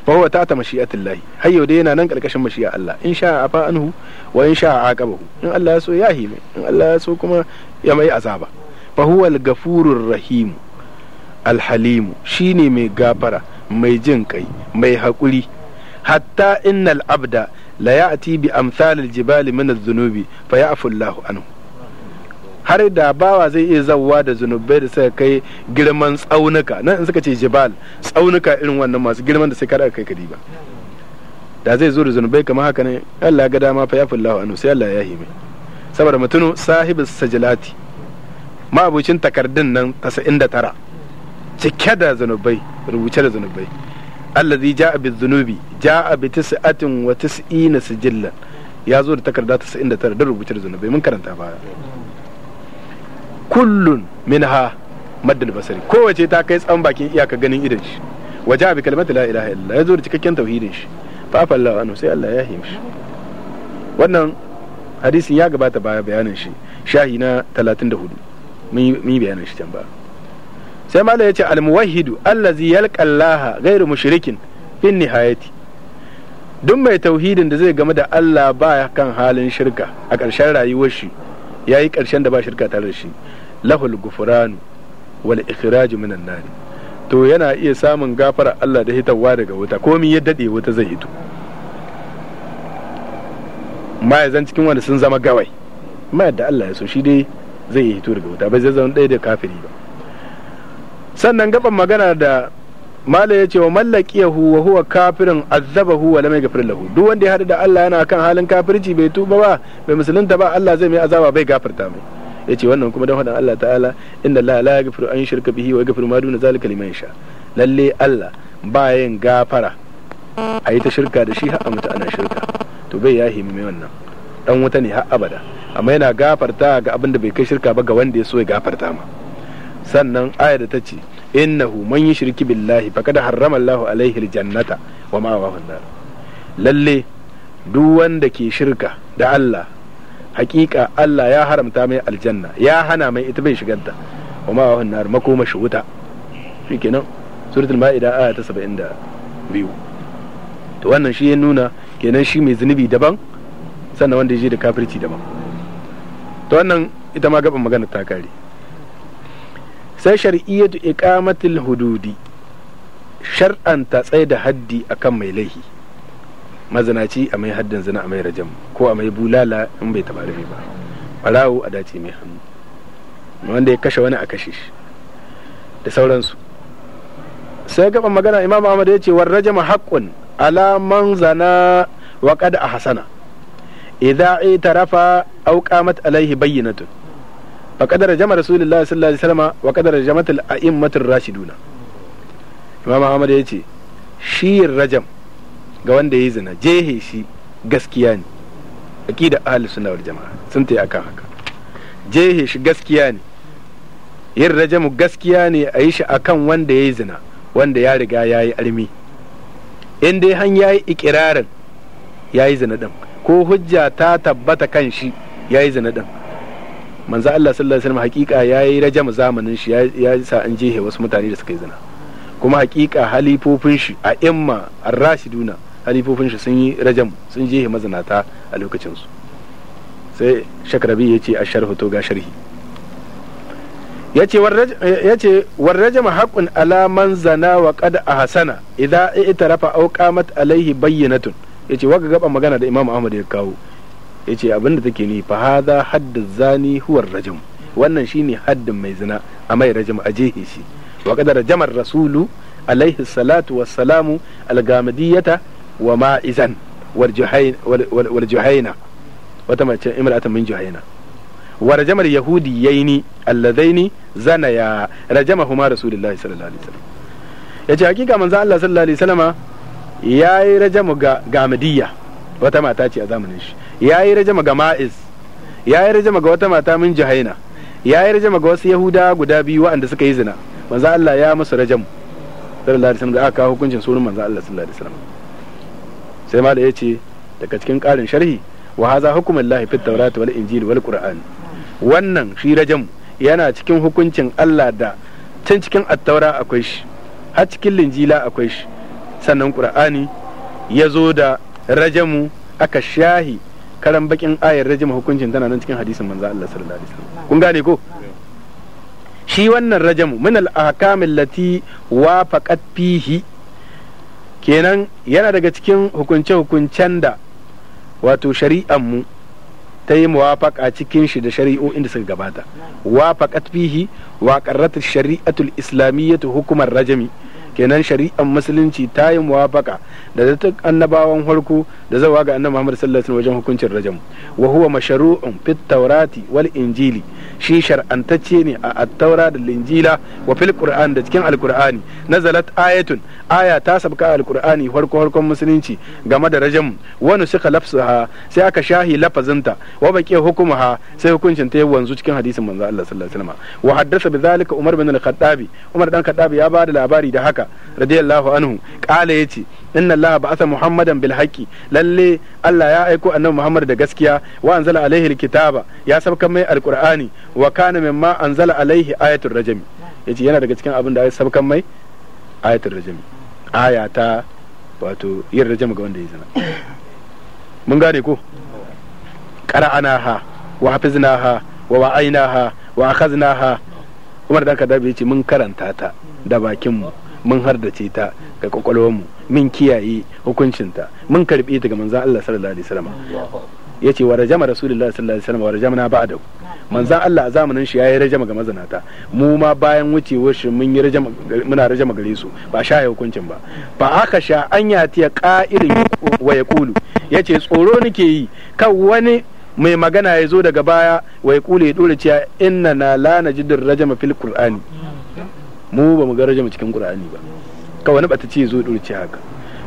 fa ta ta'ata mashi'atillah har yau dai yana nan karkashin mashi'a Allah in sha afa anhu wa in sha aqabahu in Allah ya so ya hime in Allah ya so kuma ya mai azaba fa huwa al-ghafurur rahim al-halim shine mai gafara mai jin kai mai hakuri hatta innal abda la ya'ti bi amsalil jibali min adh-dhunubi fa ya'fu Allahu anhu har da bawa zai iya zawwa da zunubai da suka kai girman tsaunuka nan in suka ce jibal tsaunuka irin wannan masu girman da sai kada kai kadi ba da zai zo da zunubai kamar haka ne Allah ga dama fa yafi Allah anhu sai Allah ya yi mai saboda mutunu sahibus sajilati ma'abucin takardun nan 99 cike da zunubai rubuce da zunubai allazi ja'a bi zunubi ja'a bi tis'atin wa tis'ina sijillan ya zo da takarda 99 da rubuce da zunubai mun karanta baya kullun minha maddal basari kowace ta kai tsan bakin iyaka ganin idan shi waje bi kalmatu la ilaha illallah yazo da cikakken tauhidin shi fa Allah anhu sai Allah ya himshi wannan hadisin ya gabata baya bayanin shi shahi na 34 mun yi bayanin shi can ba sai malam yace al muwahhidu allazi yalqa Allah ghairu mushrikin fin nihayati duk mai tauhidin da zai game da Allah ba kan halin shirka a ƙarshen rayuwar shi ya yi ƙarshen da ba shirka tare da shi lahul gufuranu wal ikhraju minan nari to yana iya samun gafara Allah da hitarwa daga wuta komai ya dade wuta zai hito ma zan cikin wanda sun zama gawai ma yadda Allah ya so shi dai zai hito daga wuta ba zai zama ɗaya da kafiri ba sannan gaban magana da mala ya ce wa mallakiyahu wa huwa kafirin azabahu wa lam yaghfir lahu duk wanda ya hadu da Allah yana kan halin kafirci bai tuba ba bai musulunta ba Allah zai mai azaba bai gafarta mai Ya ce wannan kuma don haɗin Allah ta'ala inda la la yaghfiru an shirka bihi wa yaghfiru ma duna zalika liman yasha lalle Allah ba yin gafara A yi ta shirka da shi har mutu ana shirka to bai yahi mai wannan dan wuta ne har abada amma yana gafarta ga abin da bai kai shirka ba ga wanda ya so ya gafarta ma sannan ayar da ta ce innahu man yushriku billahi faqad harrama Allahu alaihi aljannata wa ma'awahu an lalle duk wanda ke shirka da Allah hakika Allah ya haramta mai aljanna ya hana mai ita bai shiganta wa ma'awahu an makoma shi wuta shikenan suratul ma'ida aya ta 72 to wannan shi ya nuna kenan shi mai zunubi daban sannan wanda ya je da kafirci daban to wannan ita ma gaban magana ta kare sai shari'iyyatu iqamatil hududi shar'anta tsaye da haddi akan mai laihi mazinaci a mai haddin zina a mai rajam ko a mai bulala in bai taba ba barawo a dace mai hannu wanda ya kashe wani a kashe shi da sauransu sai gaba magana imam ahmad ya ce war rajama haqqun ala man zana wa qad ahsana idza itarafa aw qamat alaihi bayyinatun wa kadar jama rasulullahi sallallahu alaihi wasallam wa kadar jamatul a'immatur rashiduna imam ahmad ya ce shi rajam ga wanda ya zina jehe shi gaskiya ne aqida ahli sunna wal jamaa sun tayi aka haka jehe shi gaskiya ne yin rajamu gaskiya ne a yi shi akan wanda ya zina wanda ya riga ya yi armi in dai han ya yi ikirarin ya yi zina din ko hujja ta tabbata kan shi ya yi zina din manzo Allah sallallahu alaihi wasallam hakika yayi rajam zamanin shi ya sa an jehe wasu mutane da suka yi zina kuma hakika halifofin shi a imma ar-rashiduna halifofin shi sun yi rajam sun jehe mazinata a lokacin su sai shakrabi yace a sharhu to ga sharhi yace war rajam haqqun ala man zana wa qad ahsana idza i'tarafa aw qamat alaihi bayyinatun yace waga gaban magana da Imam Ahmad ya kawo ce abinda take ni fa hadha haddu zani huwa rajim wannan shine haddin mai zina a mai rajim a jehe shi wa kadar jamar rasulu alaihi salatu wassalamu algamadiyata wa ma'izan wal juhaina wata mace imra'atan min juhaina wa rajamar yahudiyaini alladaini zana ya rajama huma rasulullahi sallallahu alaihi wasallam ce hakika manzo Allah sallallahu alaihi wasallama yayi rajamu ga gamadiyya wata mata ce a zamanin shi ya yi rajama ga ma'iz ya yi rajama ga wata mata min jahaina ya yi rajama ga wasu yahuda guda biyu waɗanda suka yi zina manzo Allah ya musu rajam sallallahu alaihi wasallam da aka hukuncin sunan manzo Allah sallallahu alaihi wasallam sai ma da yace daga cikin ƙarin sharhi wa haza hukumullahi fit tawrat wal injil wal qur'an wannan shi rajam yana cikin hukuncin Allah da can cikin attaura akwai shi har cikin linjila akwai shi sannan qur'ani ya zo da rajamu aka shahi karan bakin ayar rajima hukuncin tana nan cikin hadisin manzo Allah sallallahu alaihi wasallam kun gane ko shi wannan rajamu min al ahkamil lati wafaqat fihi kenan yana daga cikin hukunce hukuncen da wato shari'an mu ta yi muwafaka cikin shi da shari'o'in da suka gabata wafaqat fihi wa qarrat shari'atul islamiyyatu hukumar rajami kenan shari'ar musulunci ta yi muwafaka da ta annabawan harku da zawa ga annabi Muhammad sallallahu alaihi wajen hukuncin rajam wa huwa masharu'un fit tawrati wal injili shi shar'antacce ne a attaura da linjila wa fil qur'an da cikin alqur'ani nazalat ayatun aya ta sabka alqur'ani farko farkon musulunci game da rajam wa nusika lafsuha sai aka shahi lafazinta wa baqi hukumuha sai hukuncin ta wanzu cikin hadisin manzo Allah sallallahu alaihi wasallam wa haddatha bidhalika umar bin al-khattabi umar dan khattabi ya bada labari da haka radiyallahu anhu qala yace inna allaha ba'atha muhammadan bil haqqi lalle Allah ya aiko annabi Muhammad da gaskiya wa anzala alaihi alkitaba ya sabkan mai alqur'ani wa kana mimma anzala alaihi ayatul rajm yace yana daga cikin abin da ya sabkan mai ayatul rajm aya ta wato yin rajm ga wanda ya zina mun gane ko qara'anaha wa hafiznaha wa ha wa akhaznaha Umar dan Kadabi yace mun karanta ta da bakin mu mun hardace ta ga kwakwalwar mu min kiyaye hukuncinta mun karbe ta ga manzan Allah sallallahu alaihi wasallam yace wa rajama rasulullahi sallallahu alaihi wasallam wa rajamna ba'da Manzan Allah a zamanin shi yayi rajama ga mazanata mu ma bayan wucewar shi mun yi rajama muna rajama gare su ba sha ya hukuncin ba fa aka sha an ya tiya qa'ilin wa yaqulu yace tsoro nake yi kan wani mai magana ya zo daga baya wai kule ya dole cewa inna na la najidur rajama fil qur'ani mu ba mu ga rajama cikin qur'ani ba ka wani bata ce zo durci haka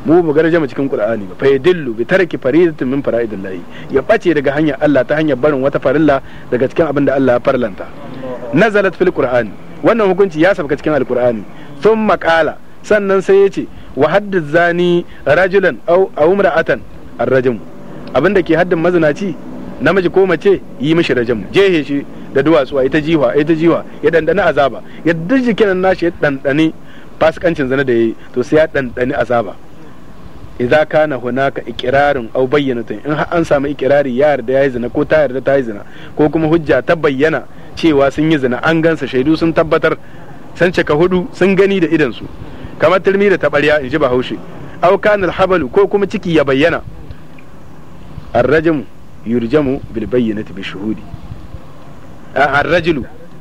mu mu garaje mu cikin qur'ani ba fa yadillu bi tarki faridatin min fara'idillahi ya bace daga hanyar Allah ta hanyar barin wata farilla daga cikin abin da Allah ya farlanta nazalat fil qur'ani wannan hukunci ya sabka cikin alqur'ani thumma qala sannan sai ya ce wa haddaz zani rajulan aw aw imra'atan arrajmu abinda ke haddin mazinaci namiji ko mace yi mishi rajam jehe shi da duwatsu a ita jiwa ita jiwa ya dandana azaba ya dijikin na nashi ya dandane fasikancin zina da ya yi to sai ya ɗanɗani azaba idza ka hunaka au bayyana bayyanatun in har an samu ikirari ya yarda ya yi zina ko ta yarda ta yi zina ko kuma hujja ta bayyana cewa sun yi zina an gansa shaidu sun tabbatar san cika hudu sun gani da idan su kamar turmi da tabarya in ji bahaushe ka kana alhabalu ko kuma ciki ya bayyana arrajmu yurjamu bil bayyinati bi shuhudi arrajulu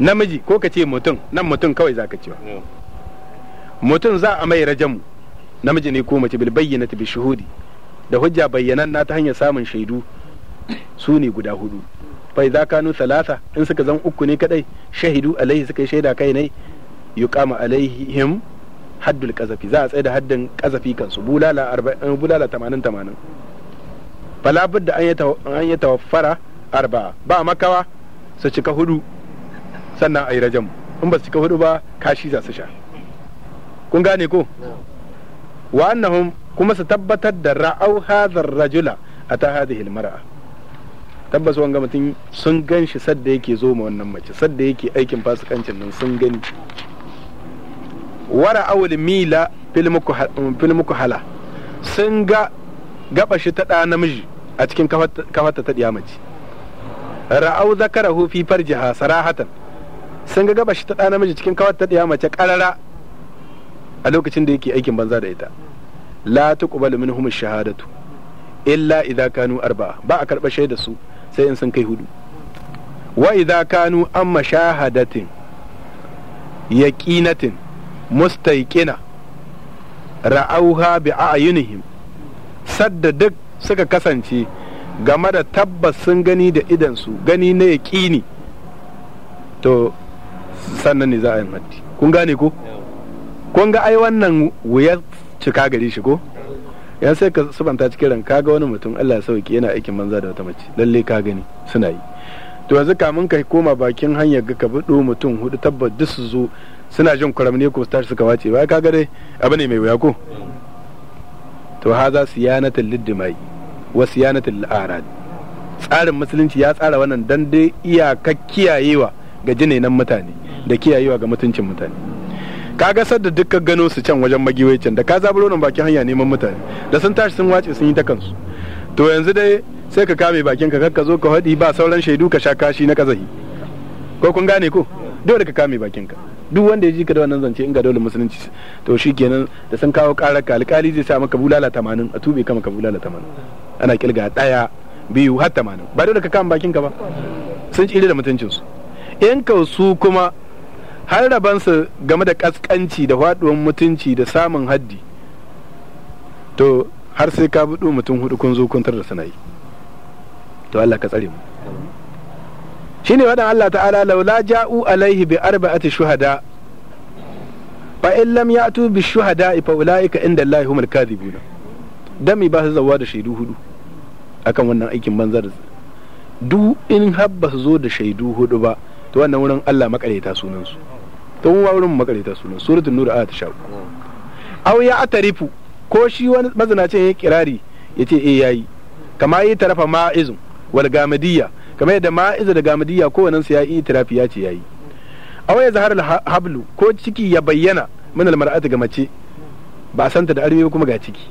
namiji ko ka ce mutum nan mutum kawai za ka cewa mutum za a mai rajamu namiji ne ko mace bil bayyana bi shuhudi da hujja bayyanan na ta hanyar samun shaidu su ne guda hudu za ka kanu salasa in suka zan uku ne kadai shahidu alaihi suka yi shaida kai ne alaihi alaihim haddul kazafi za a tsaye da haddin qazafi kansu bulala arba'in eh, bulala tamanin tamanin fala budda an yatawaffara arba'a ba makawa su cika hudu sannan a yi rajam in ba su cika hudu ba kashi za su sha kun gane ko wa annahum kuma su tabbatar da ra'au hadhar rajula a hada hadhihi almar'a tabbas wanga mutum sun gan shi sadda yake zo ma wannan mace sadda yake aikin fasikancin nan sun gani wara awul mila fil hala sun ga gaba shi ta ɗa namiji a cikin kafata ta ɗiya mace ra'au zakarahu fi farjiha sarahatan sun ga gabashi ta ɗana miji cikin kawar ta ɗaya mace ƙarara a lokacin da yake aikin banza da ita la min humus shahadatu illa idza kanu arba'a ba a karɓa shaida su sai in sun kai hudu wa idza kanu amma shahadatin yaqinatin mustaiqina ra'auha bi a'yunihim sadda duk suka kasance game da tabbas sun gani da su gani na yaƙini to sannan ne za a yi haddi kun gane ko kun ga ai wannan wuyar cika gare shi ko ya sai ka subanta cikin ran kaga wani mutum Allah ya sauke yana aikin manza da wata mace lalle ka gani suna yi to yanzu kamun ka koma bakin hanyar ka bido mutum hudu tabbas duk su zo suna jin ne ko tashi suka wace ba kaga dai abu ne mai wuya ko to su yanata liddimai wa siyanatul arad tsarin musulunci ya tsara wannan dan dai iyakar kiyayewa ga jinainan mutane da kiyayewa ga mutuncin mutane ka ga sadda dukkan gano su can wajen magiwai da ka zaburo nan bakin hanya neman mutane da sun tashi sun wace sun yi ta kansu to yanzu dai sai ka kame bakin ka ka zo ka haɗi ba sauran shaidu ka sha kashi na kazahi ko kun gane ko dole ka kame bakin ka duk wanda ya ji ka da wannan zance in ga dole musulunci to kenan da sun kawo karar ka alkali zai sa maka bulala tamanin a tube ka maka bulala tamanin ana kilga daya biyu har tamanin ba dole ka kama bakin ka ba sun tsire da mutuncinsu 'yan su kuma har rabansu game da ƙasƙanci da faɗuwan mutunci da samun haddi to har sai ka buɗu mutum hudu kun zo kuntar da sanayi to Allah ka tsare mu shine waɗanda Allah ta'ala laula ja'u alaihi bi arba'ati shuhada fa in lam ya'tu bi shuhada fa ulaika inda Allah humul kadhibuna dami ba su zawa da shaidu hudu akan wannan aikin banzar duk in habba su zo da shaidu hudu ba to wannan wurin Allah makareta sunan su to wa wurin makareta sunan suratul nur ayat 13 aw ya atarifu ko shi wani mazinacin ya kirari yace eh yayi kama yi tarafa ma'izun wal gamadiyya kama yadda ma'izu da gamadiyya ko su yayi itirafi ya ce yayi aw ya zahar hablu ko ciki ya bayyana min al mar'ati ga mace ba santa da arme kuma ga ciki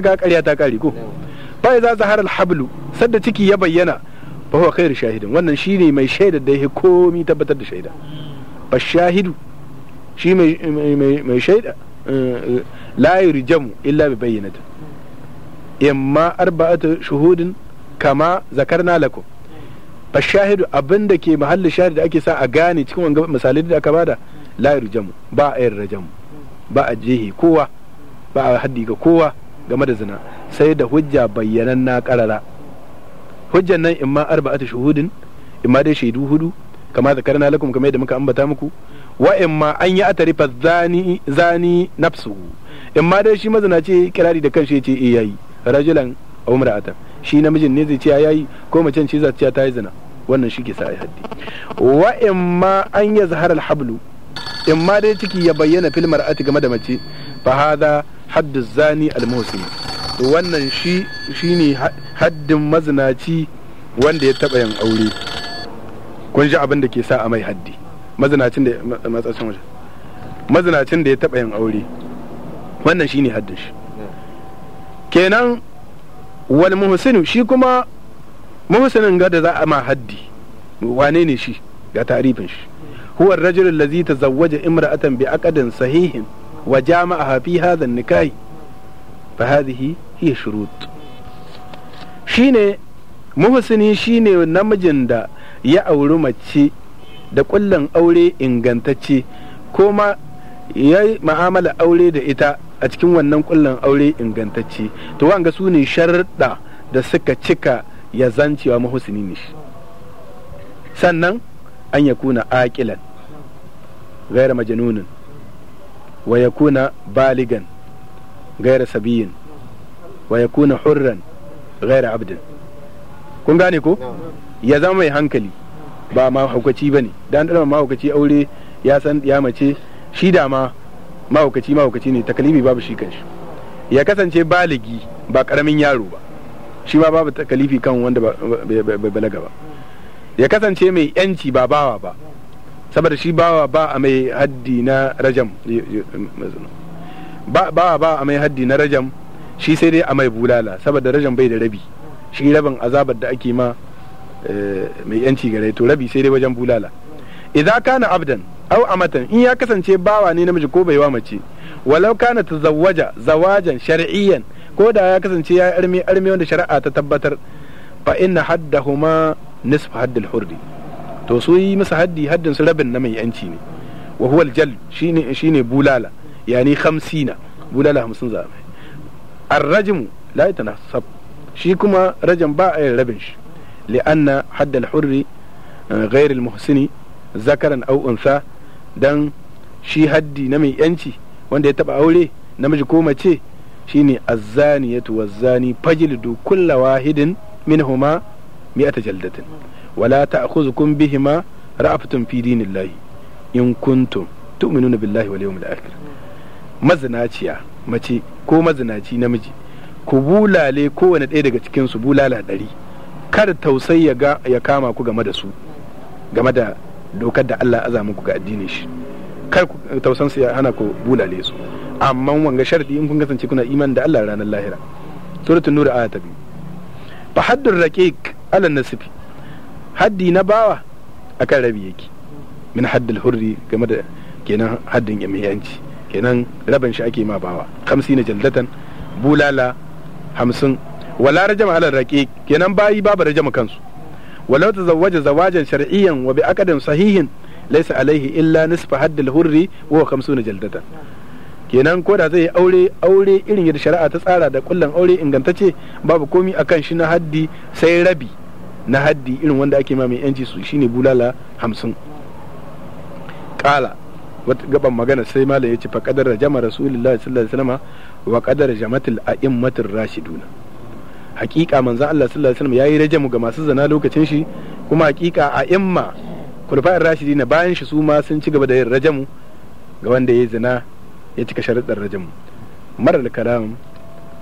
ga ƙarya ta kare ko fa ya zahar al hablu sadda ciki ya bayyana fa huwa khairu shahidin wannan shine mai shaidar da ya komi tabbatar da shaida fa shahidu shi mai shaida eh, la yurjamu illa bi bayyinatin imma arba'atu shuhudin kama zakarna lakum fa shahidu abinda ke mahalli shahid da ake sa a gane cikin wanga misalai da aka bada la yurjamu ba a jam'u. ba a jihi kowa ba a haddi ga kowa game da zina sai da hujja bayyanan na karara hujjan nan ma arba'atu shuhudin ma dai shaidu hudu kama zakarna lakum kamar yadda muka ambata muku wa ma an yi atari fa zani zani nafsu ma dai shi mazana ce kirari da kanshi yace eh yayi rajulan aw mar'atan shi namijin ne zai ce ah, yayi ko macen ce za ta ce ah, ta yi zina wannan shi ke sa ai haddi wa ma an yazhara al-hablu imma dai ciki ya bayyana fil mar'ati game da mace fa hadha haddu zani al wannan shi shi ne haddin mazinaci wanda ya taba yin aure kun ji abin da ke sa a mai haddi mazinacin da matsatsin waje mazinacin da ya taba yin aure wannan shi ne haddin shi kenan wani muhsinu shi kuma muhsinin ga da za a ma haddi wane ne shi ga tarifin shi huwa ar-rajul allazi tazawwaja imra'atan bi aqdin sahihin wa jama'a fi hadha nikahi فهذه shi ne shine shi ne namijin da ya auri mace da kullum aure ingantacce ko ma ya yi ma'amala aure da ita a cikin wannan kullum aure ingantacce to wanga su ne sharɗa da suka cika ya zancewa mahusini ne sannan an ya kuna aƙilan gaira majanunin wa ya kuna baligan gaira sabiyin wa ya kuna hurran gaira abdin kun gane ko ya zama mai hankali ba ma haukaci ba ne dan ɗan ma haukaci aure ya san ya mace shi da ma mahaukaci mahaukaci ne takalifi babu shi kanshi ya kasance baligi ba karamin yaro ba shi ma babu takalifi kan wanda ba balaga ba ya kasance mai yanci ba bawa ba saboda shi bawa ba a mai haddi na rajam ba ba ba a mai haddi na rajam shi sai dai a mai bulala saboda rajam bai da rabi shi rabin azabar da ake ma eh, mai yanci gare to rabi sai dai wajen bulala idza kana abdan aw amatan in ya kasance bawa ne namiji ko baiwa mace walau kana tazawwaja zawajan shar'iyyan ko da ya kasance ya armi armi wanda shari'a ta tabbatar fa inna haddahuma nisfu haddil hurri to su yi masa haddi haddin su rabin na mai yanci ne wa huwa aljal shine shine bulala yani hamsina bulala hamsin za a arrajmu la yatanasab shi kuma rajam ba a rabin shi li'anna hadd al-hurri ghayr al-muhsini zakaran aw unsa dan shi haddi na mai yanci wanda ya taɓa aure namiji ko mace shine azzaniyatu wazzani fajlidu min wahidin minhuma mi'ata jaldatin wala ta'khuzukum bihima ra'afatun fi dinillahi in kuntum tu'minuna billahi wal yawmil akhir mazinaciya mace ko mazinaci namiji ku bulale kowane ɗaya daga cikinsu bulala ɗari kada tausayi ya kama ku game da su game da dokar da Allah aza muku ga addinin shi kar tausan su ya hana ku bulale su amma wanga sharadi in kun kasance kuna iman da Allah ranar lahira suratul nur aya ta biyu fa haddur raqiq ala nasifi haddi na bawa akan rabi yake min haddul hurri game da kenan haddin yamiyanci kenan rabin shi ake ma bawa kamsi na jaldatan bulala hamsin wala rajama ala raqiq kenan bayi babu rajama kansu wala tazawwaja zawajan shar'iyyan wa bi aqdin sahihin laysa alayhi illa nisfa haddil hurri wa na jaldatan kenan ko da zai aure aure irin yadda shari'a ta tsara da kullan aure ingantacce babu komi akan shi na haddi sai rabi na haddi irin wanda ake ma mai yanci su shine bulala hamsin kala wata gaban magana sai malam ya ce fa da jama rasulullahi sallallahu alaihi wasallam wa qadara jamatul a'immatir rashiduna hakika manzo Allah sallallahu alaihi wasallam yayi rajamu ga masu zana lokacin shi kuma hakika a'imma kulfa'ir rashidina bayan shi su ma sun ci gaba da yin rajamu ga wanda yayi zina ya cika sharuɗar rajamu maral kalam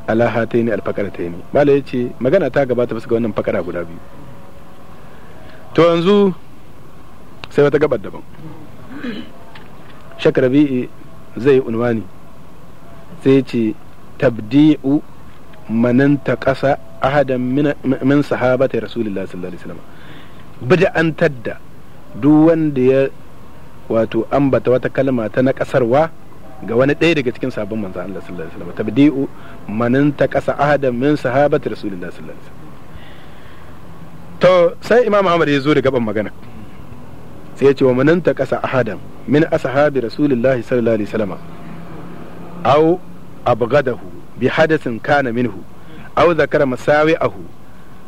ala hataini fakarataini malam ya ce magana ta gabata bisa ga wannan fakara guda biyu to yanzu sai wata gabar daban shakarabi'i zai yi unwani sai ce tabdi'u manan ta ƙasa ahadan min sahabata rasulullah sallallahu alaihi wasallam bid'antar da duk wanda ya wato ambata wata kalma ta na kasarwa ga wani ɗaya daga cikin sabon manzo Allah sallallahu alaihi wasallam tabdi'u manan ta ƙasa ahadan min sahabata rasulullah sallallahu alaihi wasallam to sai imam Ahmad ya zo da gaban magana sai ya ce wa mananta kasa ahadan min ashabi rasulillahi sallallahu alaihi wasallam aw abghadahu bi hadathin kana minhu aw zakara masawi'ahu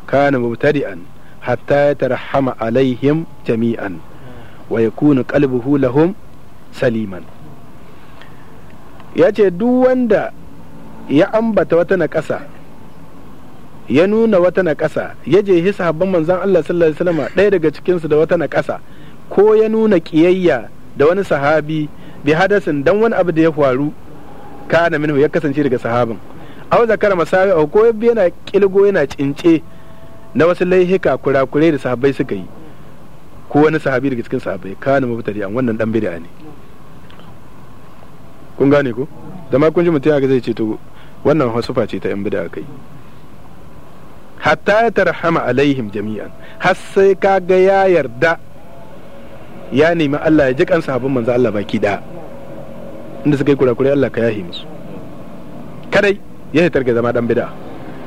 kana mubtadi'an hatta yatarhama alaihim jami'an wa yakunu qalbuhu lahum saliman yace duk wanda ya ambata wata na ƙasa ya nuna wata na ƙasa ya je hisa habban manzan Allah sallallahu alaihi wasallam ɗaya daga cikinsu da wata na ƙasa ko ya nuna ƙiyayya da wani sahabi bi hadasin dan wani abu da ya faru kana minhu ya kasance daga sahabin aw zakara masabi ko ya yana kilgo yana cince na wasu laihika kurakurai da sahabbai suka yi ko wani sahabi daga cikin sahabbai kana mubtadi an wannan dan bid'a ne kun gane ko zama kun ji mutum ya zai ce to wannan hasufa ce ta yan bid'a kai hatta ya tarhama alaihim jami'an har sai kaga ya yarda ya nemi Allah ya ji kan sahabban manzo Allah baki da inda suka yi kurakure Allah ka yahi musu kadai ya hitar ga zama dan bid'a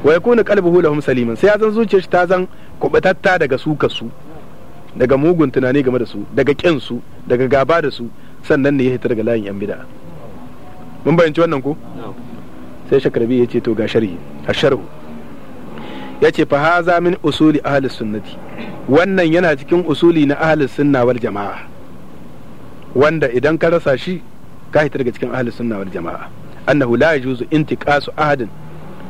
wa yakunu qalbuhu lahum saliman sai ya zan zuciyar shi ta zan kubatatta daga su su daga mugun tunani game da su daga kin su daga gaba da su sannan ne ya hitar ga layin yan bid'a mun bayanci wannan ko sai shakarbi ya ce to ga sharhi asharhu yace fa haza min usuli ahli sunnati wannan yana cikin usuli na ahli sunna wal jama'a wanda idan ka rasa shi ka hita daga cikin ahli sunna wal jama'a annahu la yajuzu intiqasu ahadin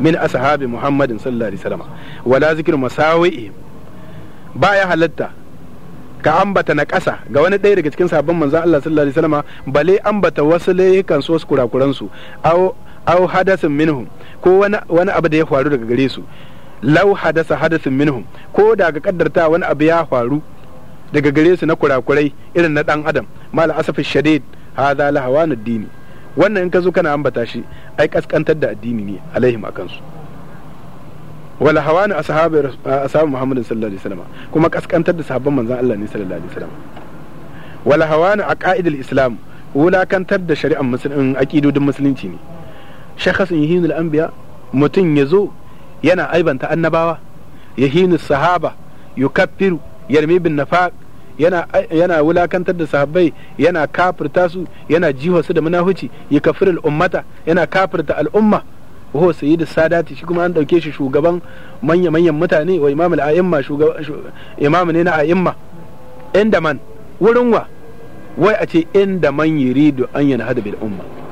min ashabi muhammadin sallallahu alaihi wasallam wala zikru ba ya halatta ka ambata na ƙasa ga wani ɗaya daga cikin sabon manzan Allah sallallahu alaihi wasallam bale ambata wasu layukan su wasu kurakuran su aw aw hadasin minhum ko wani wani abu da ya faru daga gare su lau hadasa hadasin minhum ko da ga kaddarta wani abu ya faru daga gare su na kurakurai irin na dan adam mal asafi shadid hadha na dini wannan in ka zo kana ambata shi ai kaskantar da addini ne alaihim akan su wala hawanu ashabi ashabi muhammadin sallallahu alaihi wasallam kuma kaskantar da sahabban manzon Allah ne sallallahu alaihi wasallam wala hawanu aqaidul islam wulakantar da shari'ar musulmin akidodin musulunci ne shakhasun yihinul anbiya mutum ya zo yana aibanta annabawa yahinu sahaba yukaffiru yarmi bin nafaq yana yana wulakantar da sahabbai yana kafirta su yana jiho su da munafici ya kafir ummata yana kafirta al'umma wa sayyidu sadati shi kuma an dauke shi shugaban manya manyan mutane wa imamul a'imma shugaban imamu ne na a'imma inda man wurin wa wai a ce inda man yuridu an hada bil umma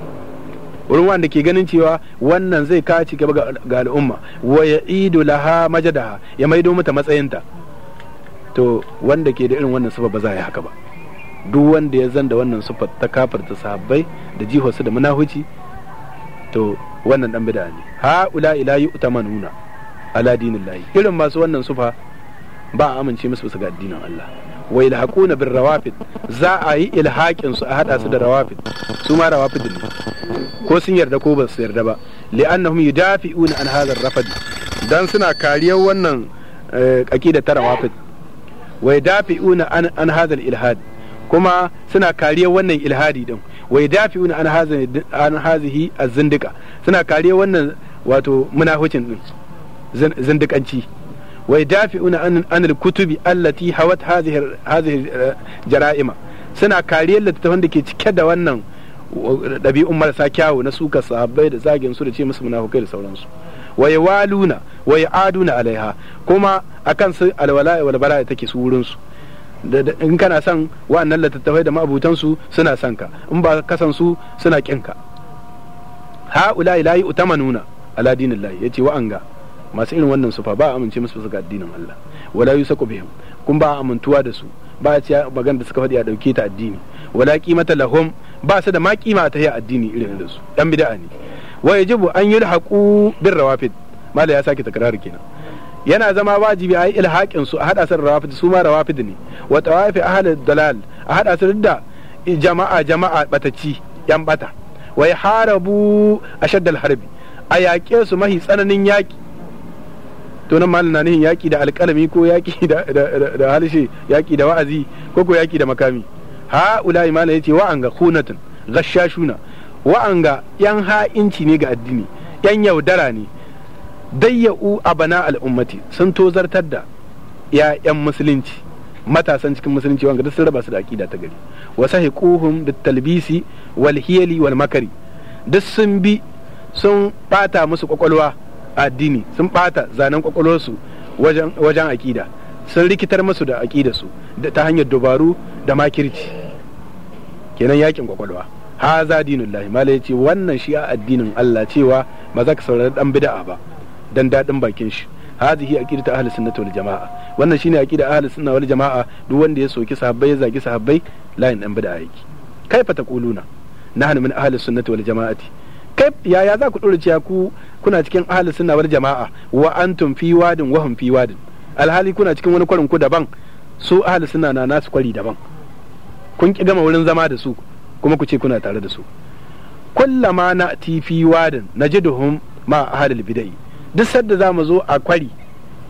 wurin wanda ke ganin cewa wannan zai kaci ci gaba ga al'umma wa ya idu laha majadaha ya maido mata matsayinta to wanda ke da irin wannan sifa ba za a yi haka ba duk wanda ya zanda wannan sifa ta kafarta sahabbai da jihorsu da munahuci to wannan dan bid'a ne ula ila yu'tamanuna ala dinillahi irin masu wannan sufa ba a amince musu bisa ga addinin Allah wa ilhaquna bin rawafid za a yi ilhaqin su a hada su da rawafid su ma rawafid ne ko sun yarda ko ba su yarda ba li'annahum yudafi'una an hadha rafad dan suna kariyar wannan eh, aqida ta rawafid Wai yudafi'una an an hadha ilhad kuma suna kariyar wannan ilhadi din wa yudafi'una an hadha an hadhihi az-zindika suna kariyar wannan wato munafikin din zindikanci ويدافعون عن عن الكتب التي هوت هذه هذه الجرائم suna kariyar littattafan da ke cike da wannan ɗabi'un marasa kyawu na suka sahabbai da zagin su da ce musu munafukai da sauransu waye waluna waye aduna alaiha kuma akan su alwala wal bara take su wurin su in kana son wa'annan littattafai da ma'abutan su suna son ka in ba ka san su suna kinka ka ha'ula ilahi utamanuna ala dinillahi yace wa'anga masu irin wannan sufa ba a amince musu su ga addinin Allah wala yusaku bihim kun ba amintuwa da su ba a ciya magana da suka faɗi a dauke ta addini wala qimata lahum ba su da ma kima ta yi addini irin da su dan bid'a ne wa yajibu an yulhaqu bir rawafid mala ya sake takrar kenan yana zama wajibi a yi su a haɗa su rawafid su ma rawafid ne wa tawafi ahli dalal a haɗa su da jama'a jama'a batacci yan bata wa harabu ashaddal harbi a yaƙe su mahi tsananin yaƙi to nan malin na nihin yaƙi da alƙalami ko yaƙi da halshe yaƙi da wa'azi ko ko yaƙi da makami ha'ula imana yace wa'anga khunatun gashashuna wa'anga yan ha'inci ne ga addini yan yaudara ne dayya'u bana al'ummati sun tozartar da ya'yan musulunci matasan cikin musulunci wanga duk sun raba su da aqida ta gari wa sahiquhum bit talbisi wal hiyali wal makari duk sun bi sun bata musu kwakwalwa addini sun bata zanen kwakwalwarsu wajen akida sun rikitar musu da su ta hanyar dubaru da makirci kenan yakin kwakwalwa Ha haza dinullahi ya ce wannan shi a addinin Allah cewa ba za ka saurari dan bida'a ba dan daɗin bakin shi Ha zai hazihi akida ta sunnati wal jamaa wannan shine akida ahli sunna wal jamaa duk wanda ya soki sahabbai ya zagi sahabbai layin dan bid'a yake kaifa Na nahnu min ahli sunnati wal jamaati kai yaya za ku dora cewa ku kuna cikin ahli sunna wal jama'a wa antum fi wadin wa hum fi wadin alhali kuna cikin wani kwarin ku daban su ahli sunna na nasu kwari daban kun ki gama wurin zama da su kuma ku ce kuna tare da su kullama na fi wadin najiduhum ma ahlul bid'ah duk sadda za mu zo a kwari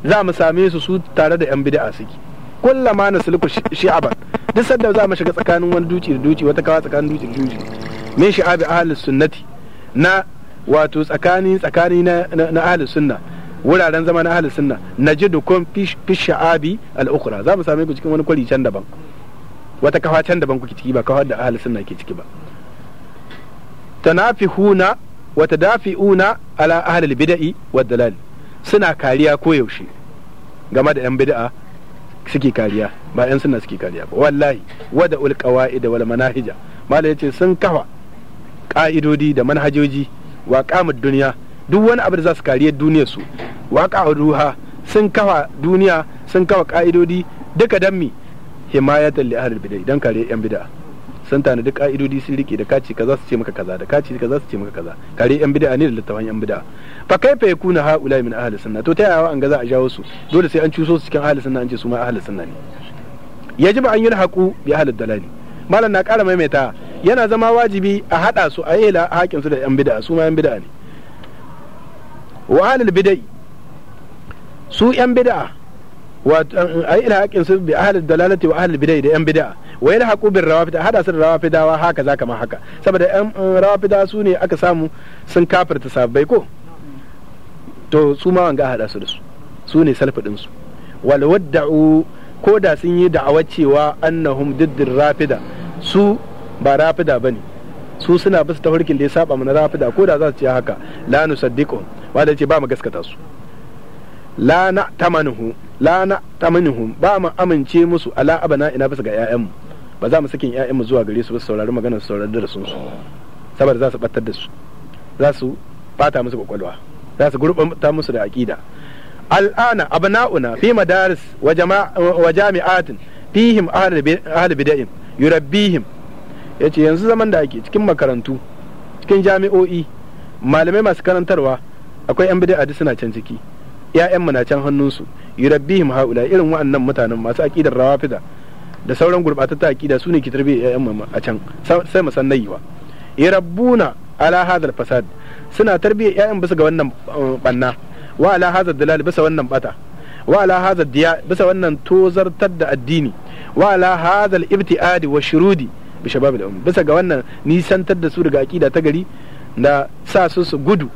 za mu same su su tare da yan bid'a suke kullama na sulku shi'aban duk sadda za mu shiga tsakanin wani duci da duci wata kawa tsakanin duci da duci min shi'abi ahli sunnati na wato tsakani tsakani na na ahli sunna wuraren zama na ahli sunna kun fi sha'abi al-ukhra za mu same ku cikin wani kwari can daban wata kafa can daban kuke ciki ba kawar da ahli sunna ke ciki ba tanafihuna wa tadafi'una ala ahli al-bid'i wa dalal suna kariya koyaushe game da yan bid'a suke kariya ba yan sunna suke kariya ba wallahi wada ul qawaid wal manahija malai yace sun kafa ka'idodi da manhajoji Waƙa kamar duniya duk wani abu da za su kariya duniyar su wa ruha sun kafa duniya sun kafa ka'idodi duka dan mi himayatan li ahlil bid'ah dan kare yan bid'a sun tana duk ka'idodi sun rike da kaci kaza su ce maka kaza da kaci kaza su ce maka kaza kare yan bid'a ne da littafan yan bid'a fa kaifa yakuna haula min ahli sunna to ta yawa an ga za a jawo su dole sai an ciso su cikin ahli sunna an ce su ma ahli sunna ne yajibu an yi haƙu bi ahli dalali malam na ƙara maimaita yana zama wajibi a haɗa su a yela hakin su da yan bid'a su ma yan bid'a ne wa ahlul bid'i su yan bid'a wa a yi hakin su bi ahlul dalalati wa ahlul bid'i da yan bid'a wa yela haqu bir rawafida hada su da rawafidawa haka za kama haka saboda yan mm, rawafida su ne aka samu sun kafirta sabbai ko to su ma wanga haɗa su da su su ne salfadin su wal wadda'u ko da sun yi da'awar cewa annahum diddir rafida su ba rafida bane su suna bisa tafarkin da ya saba mana rafida ko da za su ce haka la nusaddiqu wanda ce ba mu gaskata su la na tamanuhu la na tamanuhum ba mu amince musu ala abana ina bisa ga mu ba za mu sakin mu zuwa gare su bisa saurari maganar su saurari da su saboda za su battar da su za su bata musu kwakwalwa za su gurbata musu da aqida al'ana abna'una fi madaris wa jami'atin fihim ahlul bid'ah yurabbihim ya ce yanzu zaman da ake cikin makarantu cikin jami'o'i malamai masu karantarwa akwai yan bid'a adi suna can ciki ya'yanmu na can hannunsu yurabbihim haula irin wa'annan mutanen masu aqidar rawafida da sauran gurbatattu aqida su ne ke tarbiyyar ya'yanmu a can sai mu san nayiwa yarabbuna ala hadal fasad suna tarbiyyar ƴaƴan bisa ga wannan banna uh, wa ala hadal dalal bisa wannan bata wa ala hadal diya bisa wannan tozartar da addini wa ala hadal ibtiadi wa shurudi bi shabab da bisa ga wannan nisantar da su daga aƙida ta gari da sa su su gudu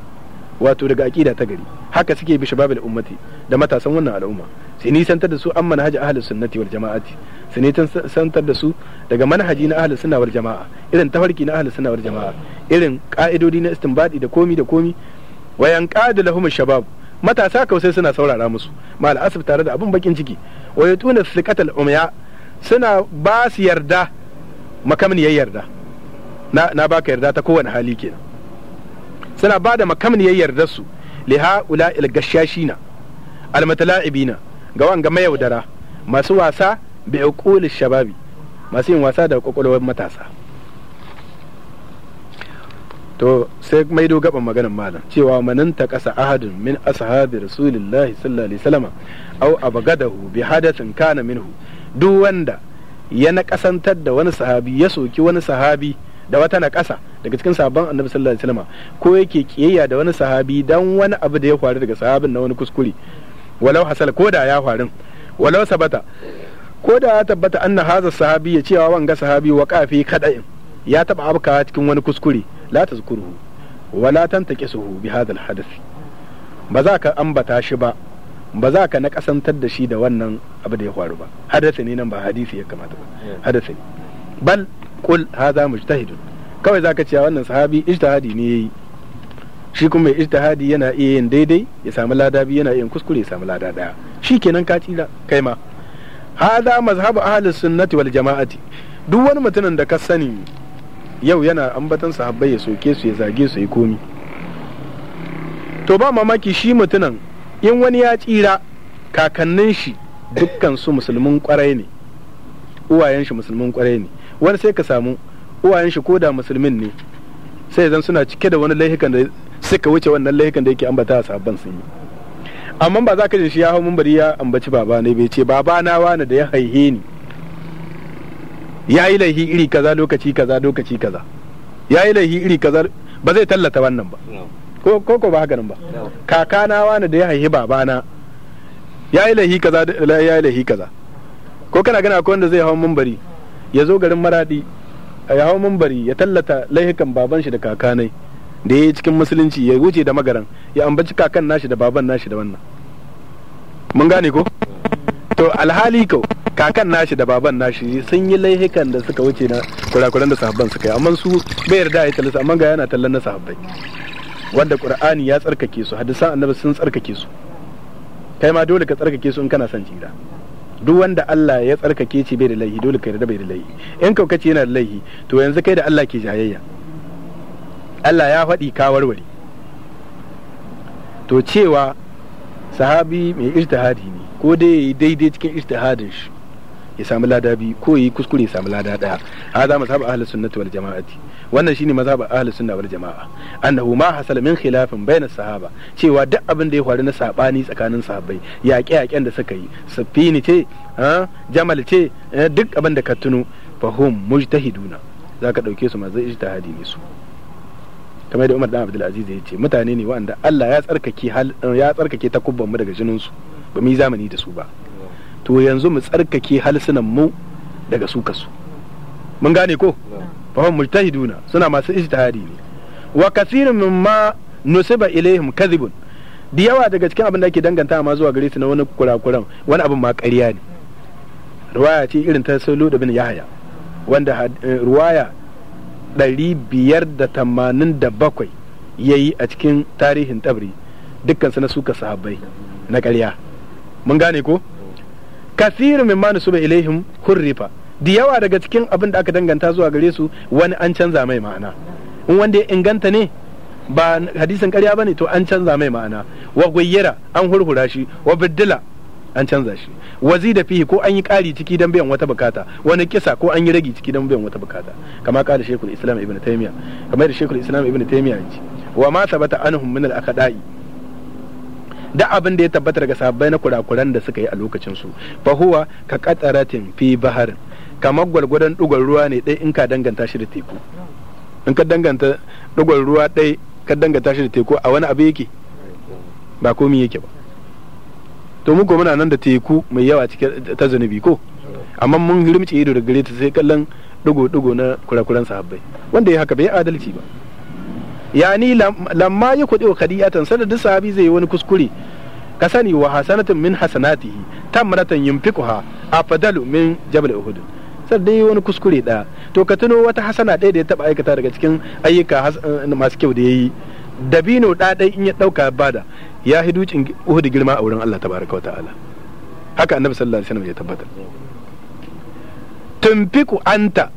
wato daga aƙida ta gari haka suke bi shabab da ummati da matasan wannan al'umma sai nisantar da su an manhaji ahlus sunnati wal jama'ati sai nisantar da su daga manhaji na ahlus sunna wal jama'a irin tafarki na ahlus sunna wal jama'a irin ka'idodi na istinbadi da komi da komi wa yanqadu lahum shabab matasa kausai suna saurara musu ma al'asib tare da abun bakin ciki wa yatuna thiqatal umya suna ba su yarda makamniyar yarda na, na baka yarda ta kowane hali kenan suna ba da makamniyar yarda su li haula il gashashina ga wanga mayaudara masu wasa bi uqul shababi masu yin wasa da kwakwalwar matasa to sai maido gaban maganar malam cewa mananta kasa ahadun min ashabi rasulillahi sallallahu alaihi wasallam au abagadahu bi hadathin kana minhu duk wanda ya naƙasantar da wani sahabi ya soki wani sahabi da wata naƙasa daga cikin sabon annabi sallallahu alaihi wasallam ko yake kiyayya da wani sahabi dan wani abu da ya faru daga sahabin na wani kuskure walau hasal ko da ya faru walau sabata ko da ya tabbata anna haza sahabi ya cewa wanga sahabi wa kafi kadai ya taba abka cikin wani kuskure la tazkuruhu wa la tantaqisuhu bi hadha al ba za ka ambata shi ba ba za ka naƙasantar da shi da wannan abu da ya faru ba hadasa ne nan ba hadisi ya kamata ba hadasa ne bal kul haza mujtahidun kawai zaka cewa wannan sahabi ijtihadi ne yayi shi kuma ijtihadi yana iya yin daidai ya samu lada biyu yana iya yin kuskure ya samu lada daya shikenan ka tsira kai ma haza mazhabu ahli sunnati wal jama'ati duk wani mutumin da ka sani yau yana ambatan sahabbai ya soke su ya zage su ya komi to ba mamaki shi mutumin in wani ya tsira kakannin shi dukkan su musulmin kwarai ne uwayen shi musulmin kwarai ne wani sai ka samu uwayen shi koda musulmin ne sai zan suna cike da wani laifukan da suka wuce wannan laifukan da yake ambata a sabon sun yi amma ba za ka ji shi ya hau mumbari ya ambaci baba ne bai ce baba na wani da ya haihe ni ya yi laihi iri kaza lokaci kaza lokaci kaza ya yi laihi iri kaza ba zai tallata wannan ba ko ko ba haka nan ba kakana wani da ya haihi babana ya yi lahi kaza ya yi lahi kaza ko kana gana akwai wanda zai hawo mambari ya zo garin maradi ya hawo mambari ya tallata laihukan baban shi da kakanai da ya yi cikin musulunci ya wuce da magaran ya ambaci kakan nashi da baban nashi da wannan mun gane ko to alhali ko kakan nashi da baban nashi sun yi laihukan da suka wuce na kurakuran da sahabban suka yi amma su bai yarda ya tallata amma ga yana tallan na sahabbai wanda qur'ani ya tsarkake su hadisan annabi sun tsarkake su kai ma dole ka tsarkake su in kana son jira duk wanda Allah ya tsarkake ci bai da laihi dole ka da bai da laihi in kaukaci yana da laihi to yanzu kai da Allah ke jayayya Allah ya faɗi ka warware to cewa sahabi mai ijtihadi ne ko dai yayi daidai cikin ijtihadin shi ya samu lada biyu ko yayi kuskure ya samu lada daya hada mazhab ahlus sunnati wal jama'ati wannan shine mazhab ahlus sunna wal jamaa annahu ma hasala min khilafin bainas sahaba cewa duk abin da ya faru na sabani tsakanin sahabbai yaƙe yaƙen da suka yi sufini ce jamal ce eh, duk abin da ka tuno fahum mujtahiduna zaka dauke su mazai ijtihadi ne su kamar da Umar dan Abdul Aziz ya ce mutane ne wanda Allah ya tsarkake ya tsarkake takubban mu daga jinin su ba mu yi zamani da su ba to yanzu mu tsarkake halsunan mu daga su kasu mun gane ko fa mujtahiduna suna masu ijtihadi ne wa min ma nusiba ilaihim kadhibun da yawa daga cikin abin da ake danganta ma zuwa gare su na wani kurakuran wani abin ma ƙarya ne ruwaya ce irin ta sulu da bin yahaya wanda eh, ruwaya biyar da da tamanin bakwai ya yi a cikin tarihin tabri dukkan su na suka sahabbai na ƙarya mun gane ko kasirin min ma nusiba ilaihim hurrifa da yawa daga cikin abin da aka danganta zuwa gare su wani an canza mai ma'ana in wanda ya inganta ne ba hadisin karya bane to an canza mai ma'ana wa gwayyara an hurhura shi wa biddila an canza shi wa da fihi ko an yi ƙari ciki don biyan wata bukata wani kisa ko an yi ragi ciki don biyan wata bukata kama ƙara shekul islam ibn taymiya kamar da shekul islam ibn taymiya ce wa ma sabata anhum min al aqda'i da abin da ya tabbata daga sahabbai na kurakuran da suka yi a lokacin su fa huwa ka qataratin fi baharin kamar gwargwadon ɗugar ruwa ne ɗai in ka danganta shi da teku in ka danganta ɗugar ruwa ɗai ka danganta shi da teku a wani abu yake ba komi yake ba to mu muna nan da teku mai yawa cikin ta zunubi ko amma mun rimce ido da gare ta sai kallon ɗigo-ɗigo na kurakuran sahabbai wanda ya haka bai adalci ba Ya ni lamma yi kuɗi kadiyatan sanadin sahabi zai yi wani kuskure ka sani wa hasanatin min hasanatihi tamratan yunfiquha afdalu min jabal uhud sai yi wani kuskure ɗaya to ka tuno wata hasana ɗaya da ya taɓa aikata daga cikin ayyuka eh, masu kyau da ya yi dabino ɗaya in ya ɗauka bada ya hidu cin uhudu girma a wurin Allah tabaraka wa ta'ala haka annabi sallallahu alaihi wasallam ya tabbatar tunfiku anta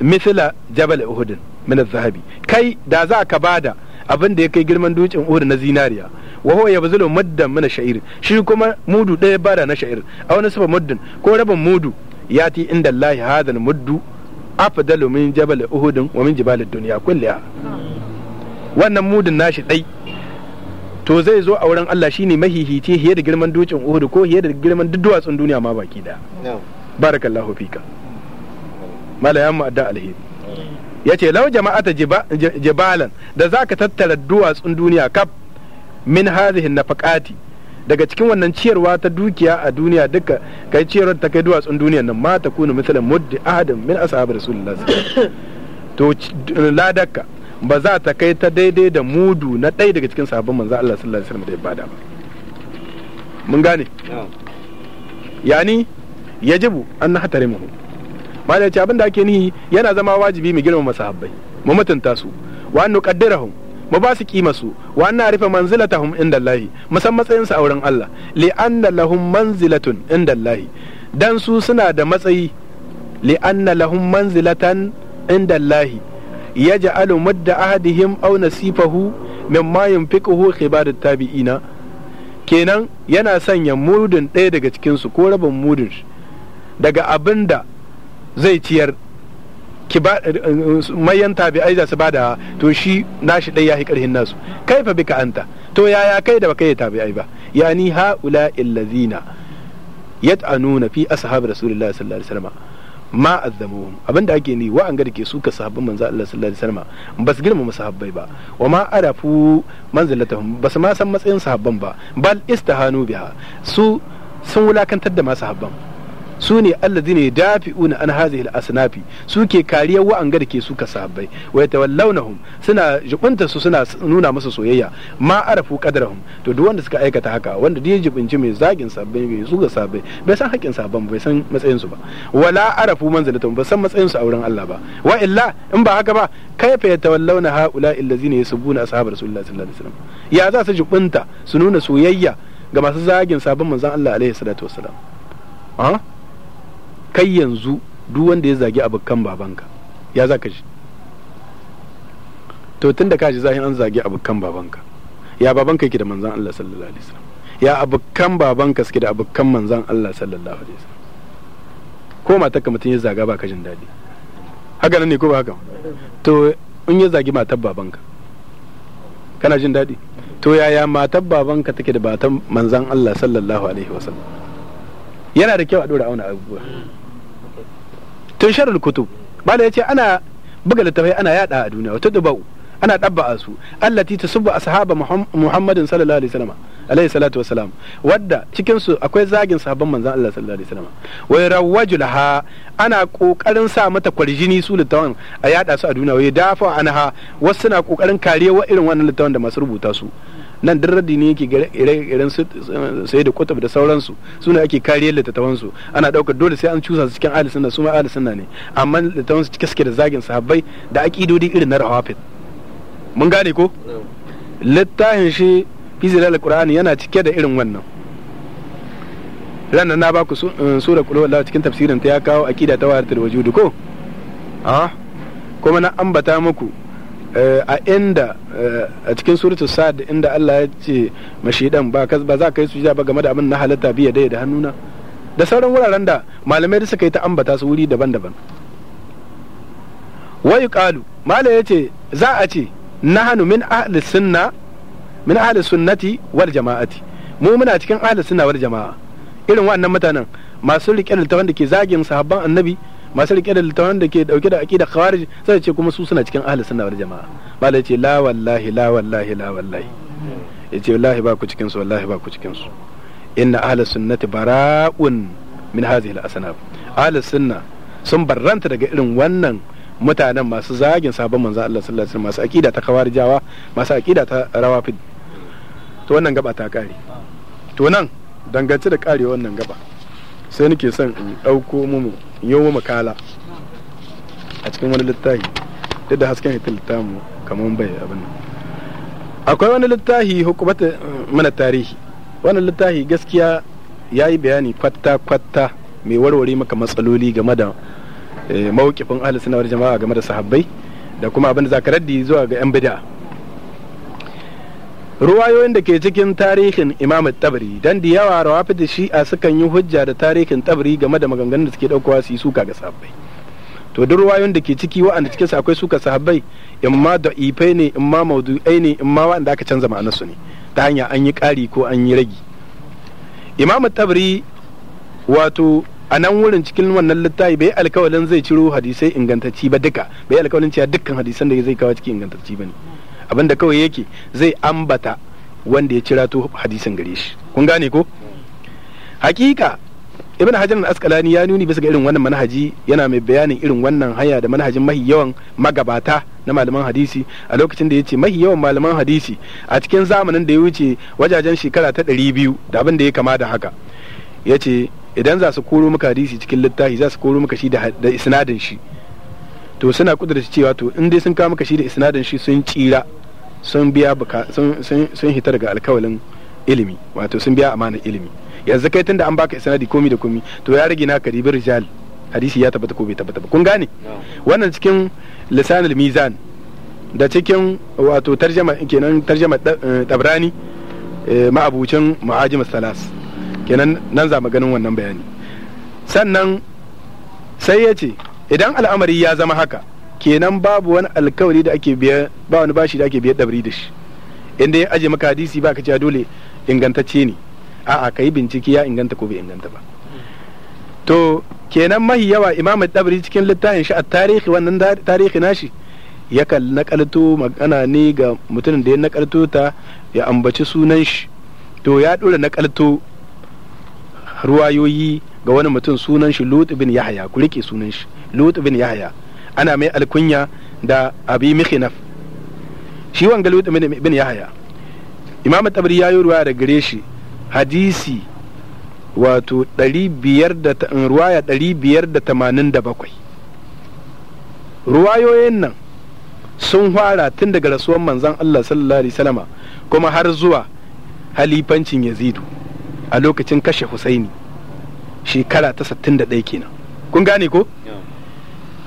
misla jabal uhud min zahabi kai da za ka bada abin da ya kai girman dutsen uhud na zinariya wa huwa yabzulu muddan min shi kuma mudu ɗaya bada na sha'ir a wani sufa muddin ko rabin mudu yati inda Allah hadha muddu afdalu min jabal uhud wa min jibal ad wannan mudun nashi dai to zai zo a wurin Allah shine mahihici hiye da girman dukin Uhud ko hiye da girman duwatsun duniya ma baki da barakallahu fika mala yamma adda alheri yace law jama'ata jibalan da zaka tattara duwatsun duniya kaf min hadhihi nafaqati daga cikin wannan ciyarwa ta dukiya a duniya duka kai ciyarwar ta kai duwatsun duniyan nan ma ta kunu misalin muddi ahadin min ashabi rasulullah to ladaka ba za ta kai ta daidai da mudu na ɗaya daga cikin sahabban manzo Allah sallallahu alaihi wasallam da ibada mun gane yani yajibu an hatarimu malai ce abin da ake nihi yana zama wajibi mu girmama sahabbai mu mutunta su wa an mu ba su kima su wa anna rufe manzilatahum inda Allah musan matsayin su a wurin Allah li anna lahum manzilatun inda Allah dan su suna da matsayi li anna lahum manzilatan inda Allah yaj'alu mudda ahadihim aw nasifahu mimma yunfiquhu khibadat tabi'ina kenan yana sanya mudun ɗaya daga cikin su ko rabin mudun daga abinda zai ciyar ki ba eh, eh, mayan tabi'ai za su bada to shi nashi dai yahi karhin nasu kaifa bika anta to yaya kai da baka yi ai ba yani ula illazina yat'anuna fi ashab rasulullahi sallallahu alaihi wasallam ma azzamuhum abinda ake ni wa an ga ke suka sahabban manzo Allah sallallahu alaihi wasallam bas girma girmama ba wa ma arafu manzilatahum bas ma san matsayin sahabban ba bal istahanu biha su sun wulakantar da ma habban su ne ne dafi una an hadhihi al-asnafi suke kariyar wa'anga da ke suka sahabbai wa yatawallawnahum suna jubunta su suna nuna masa soyayya ma arafu qadrahum to duk wanda suka aikata haka wanda duk jubunci mai zagin sahabbai mai zuga sahabbai bai san haƙin sahabban bai san matsayin su ba wala arafu manzilatan ba san matsayin su a wurin Allah ba wa illa in ba haka ba kaifa yatawallawna haula allazina yasubuna ashabar rasulullahi sallallahu alaihi wasallam ya za su jubunta su nuna soyayya ga masu zagin sabon manzon Allah alaihi salatu wasallam ah? kai yanzu duk wanda ya zagi abokan babanka ya za ka shi to tun da ka ji zahin an zagi abokan babanka ya babanka yake da manzan Allah sallallahu alaihi wasallam ya abokan babanka suke da abokan manzan Allah sallallahu alaihi wasallam ko matarka mutum ya zaga ba ka jin daɗi haka nan ne ko ba haka to in ya zagi matar babanka kana jin daɗi to yaya matar babanka take da batan manzan Allah sallallahu alaihi wasallam yana da kyau a ɗora auna abubuwa tun sharul kutub bala yace ana buga littafai ana yada a duniya wata dubau ana dabba'a su allati tasubbu ashaba muhammadin sallallahu alaihi wasallam alaihi salatu wasalam wadda cikin su akwai zagin sahabban manzon Allah sallallahu alaihi wasallam wai rawaju laha ana kokarin sa mata kwarjini su littawan a yada su a duniya wai dafa anha wasu na kokarin kariya wa irin wannan littawan da masu rubuta su nan duk raddi ne yake ire-iren sai da kutab da sauransu su ne ake kariyar littattafan su ana daukar dole sai an cusa su cikin ahli sunna su ma ahli sunna ne amma littattafan su cike suke da zagin sahabbai da aqidodi irin na rawafid mun gane ko littafin shi da qur'ani yana cike da irin wannan ranar na baku eh, sura kullu wallahu cikin tafsirin ta ya kawo akida ta wayar da wajudu ko a ah, kuma na ambata muku Eh, a inda eh, a cikin suratu sa'ad inda Allah ya ce mashidan ba ba za ka yi sujada ba game da abin na halatta biya da hannuna da sauran wuraren da malamai da suka yi ta ambata su wuri daban-daban wayu qalu malai yace za a ce nahanu min ahli sunna min ahli sunnati wal jama'ati mu muna cikin ahli sunna wal jama'a irin wannan mutanen masu riƙe littafin da ke zagin sahabban annabi masu rike da littafin da ke dauke da aqida khawarij sai ce kuma su suna cikin ahli sunna wal jamaa malai ce la wallahi la wallahi la wallahi yace wallahi ba ku cikin su wallahi ba ku cikin su inna ahli sunnati bara'un min hadhihi al asnaf ahli sunna sun barranta daga irin wannan mutanen masu zagin sabon manzo Allah sallallahu alaihi wasallam masu aqida ta khawarijawa masu aqida ta rawafid to wannan gaba ta kare to nan dangance da kare wannan gaba sai nake son in ɗauko mu yau makala a cikin wani littafi duk da hasken ita littamu kamar bai abin akwai wani littafi hukumata eh, mana tarihi wani littafi gaskiya ya yi bayani kwatta-kwatta mai warware maka matsaloli game da eh, mawukifin ahalisunawar jama'a game da sahabbai da kuma abin da zaka raddi zuwa ga yan bid'a ruwayoyin da ke cikin tarihin imam tabari dan da yawa rawafi da shi'a sukan yi hujja da tarihin tabari game da maganganun da suke daukowa su yi suka ga sahabbai to duk ruwayoyin da ke ciki wa'anda cikin su akwai suka sahabbai imma da'ifai ne in ma maudu'ai ne ma wa'anda aka canza su ne ta hanya an yi ƙari ko an yi ragi imam tabari wato a nan wurin cikin wannan littafi bai alkawalin zai ciro hadisai ingantacci ba duka bai alkawalin cewa dukkan hadisan da zai kawo cikin ingantacci ba ne abinda kawai yake zai ambata wanda ya cira to hadisin gare shi kun gane ko hakika ibn hajar na ya nuni bisa ga irin wannan manhaji yana mai bayanin irin wannan hanya da manhajin mahi yawan magabata na malaman hadisi a lokacin da ya ce mahi yawan malaman hadisi a cikin zamanin da ya wuce wajajen shekara ta ɗari biyu da abin da ya kama da haka Ya ce idan za su koro maka hadisi cikin littafi za su koro maka shi da isnadin shi to suna kudurta cewa to in dai sun kawo maka shi da isnadin shi sun tsira sun biya sun hita daga alkawalin ilimi wato sun biya amana ilimi yanzu kai tunda an baka sanadi komi da komi to ya rage ka ribar rijal hadisi ya tabbata ko bai tabbata ba kun gane wannan cikin lisanul mizan da cikin wato tarjama kenan tarjama eh, tabrani eh, ma'abucin mu'ajim salas kenan nan za ganin wannan bayani sannan sai ya ce idan al'amari ya zama haka kenan babu wani alkawari da ake biya ba wani bashi da ake biya dabri da shi inda ya aje maka hadisi ba ka cewa dole ingantacce ne a'a ka yi bincike ya inganta ko bai inganta ba to kenan mahi yawa imamu dabri cikin littafin shi a tarihi wannan tarihi nashi yakan nakalto magana ne ga mutumin da ya nakalto ta ya ambaci sunan shi to ya dora nakalto ruwayoyi ga wani mutum sunan shi lut ibn yahya ku rike sunan shi lut ibn yahya ana mai alkunya da abi mihinaf shi wanga lut bin yahaya imam tabari ya yi ruwaya da gare shi hadisi wato ruwaya ɗari biyar da tamanin da bakwai ruwayoyin nan sun fara tun daga rasuwan manzan Allah sallallahu alaihi salama kuma har zuwa halifancin yazidu a lokacin kashe husaini shekara ta 61 kenan kun gane ko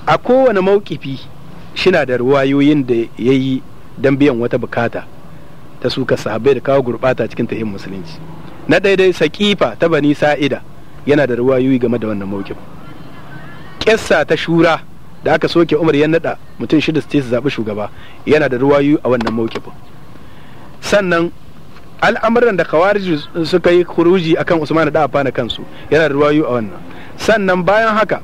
a kowane mawkifi shina da ruwayoyin da ya yi don biyan wata bukata ta suka sahabbai da kawo gurbata cikin tahiyyar musulunci na daidai saƙifa ta bani sa'ida yana da ruwayoyi game da wannan mawkif ƙessa ta shura da aka soke umar ya naɗa mutum shida su su zaɓi shugaba yana da ruwayoyi a wannan mawkif sannan al'amuran da kawarij suka yi kuruji akan usman da afana kansu yana da ruwayoyi a wannan sannan bayan haka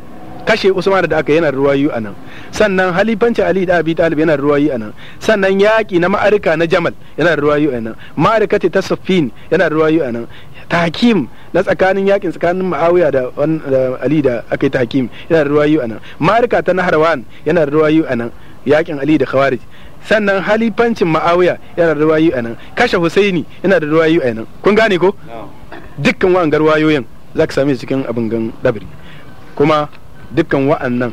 kashe usman da aka yana ruwayu a nan sannan halifanci ali da abi talib yana ruwayu a nan sannan yaƙi na ma'arika na jamal yana ruwayu a nan ma'arika ta safin yana ruwayu a nan takim na tsakanin yakin tsakanin ma'awiya da ali da aka yi takim yana ruwayu a nan ma'arika ta naharwan yana ruwayu a nan yakin ali da khawarij sannan halifancin ma'awiya yana ruwayu a nan kashe husaini yana da ruwayu a nan kun gane ko dukkan wa'an garwayoyin za ka same cikin abin gan dabiri kuma dukkan wa'annan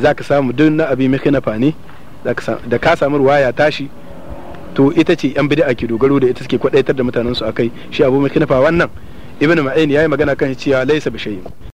za ka samu duk na abi mihnafa ne da ka samu ruwaya tashi to ita ce yan bid'a ke dogaro da ita suke kwadaitar da mutanen su kai shi abu fa wannan ibn ma'in yayi magana kan cewa laysa bi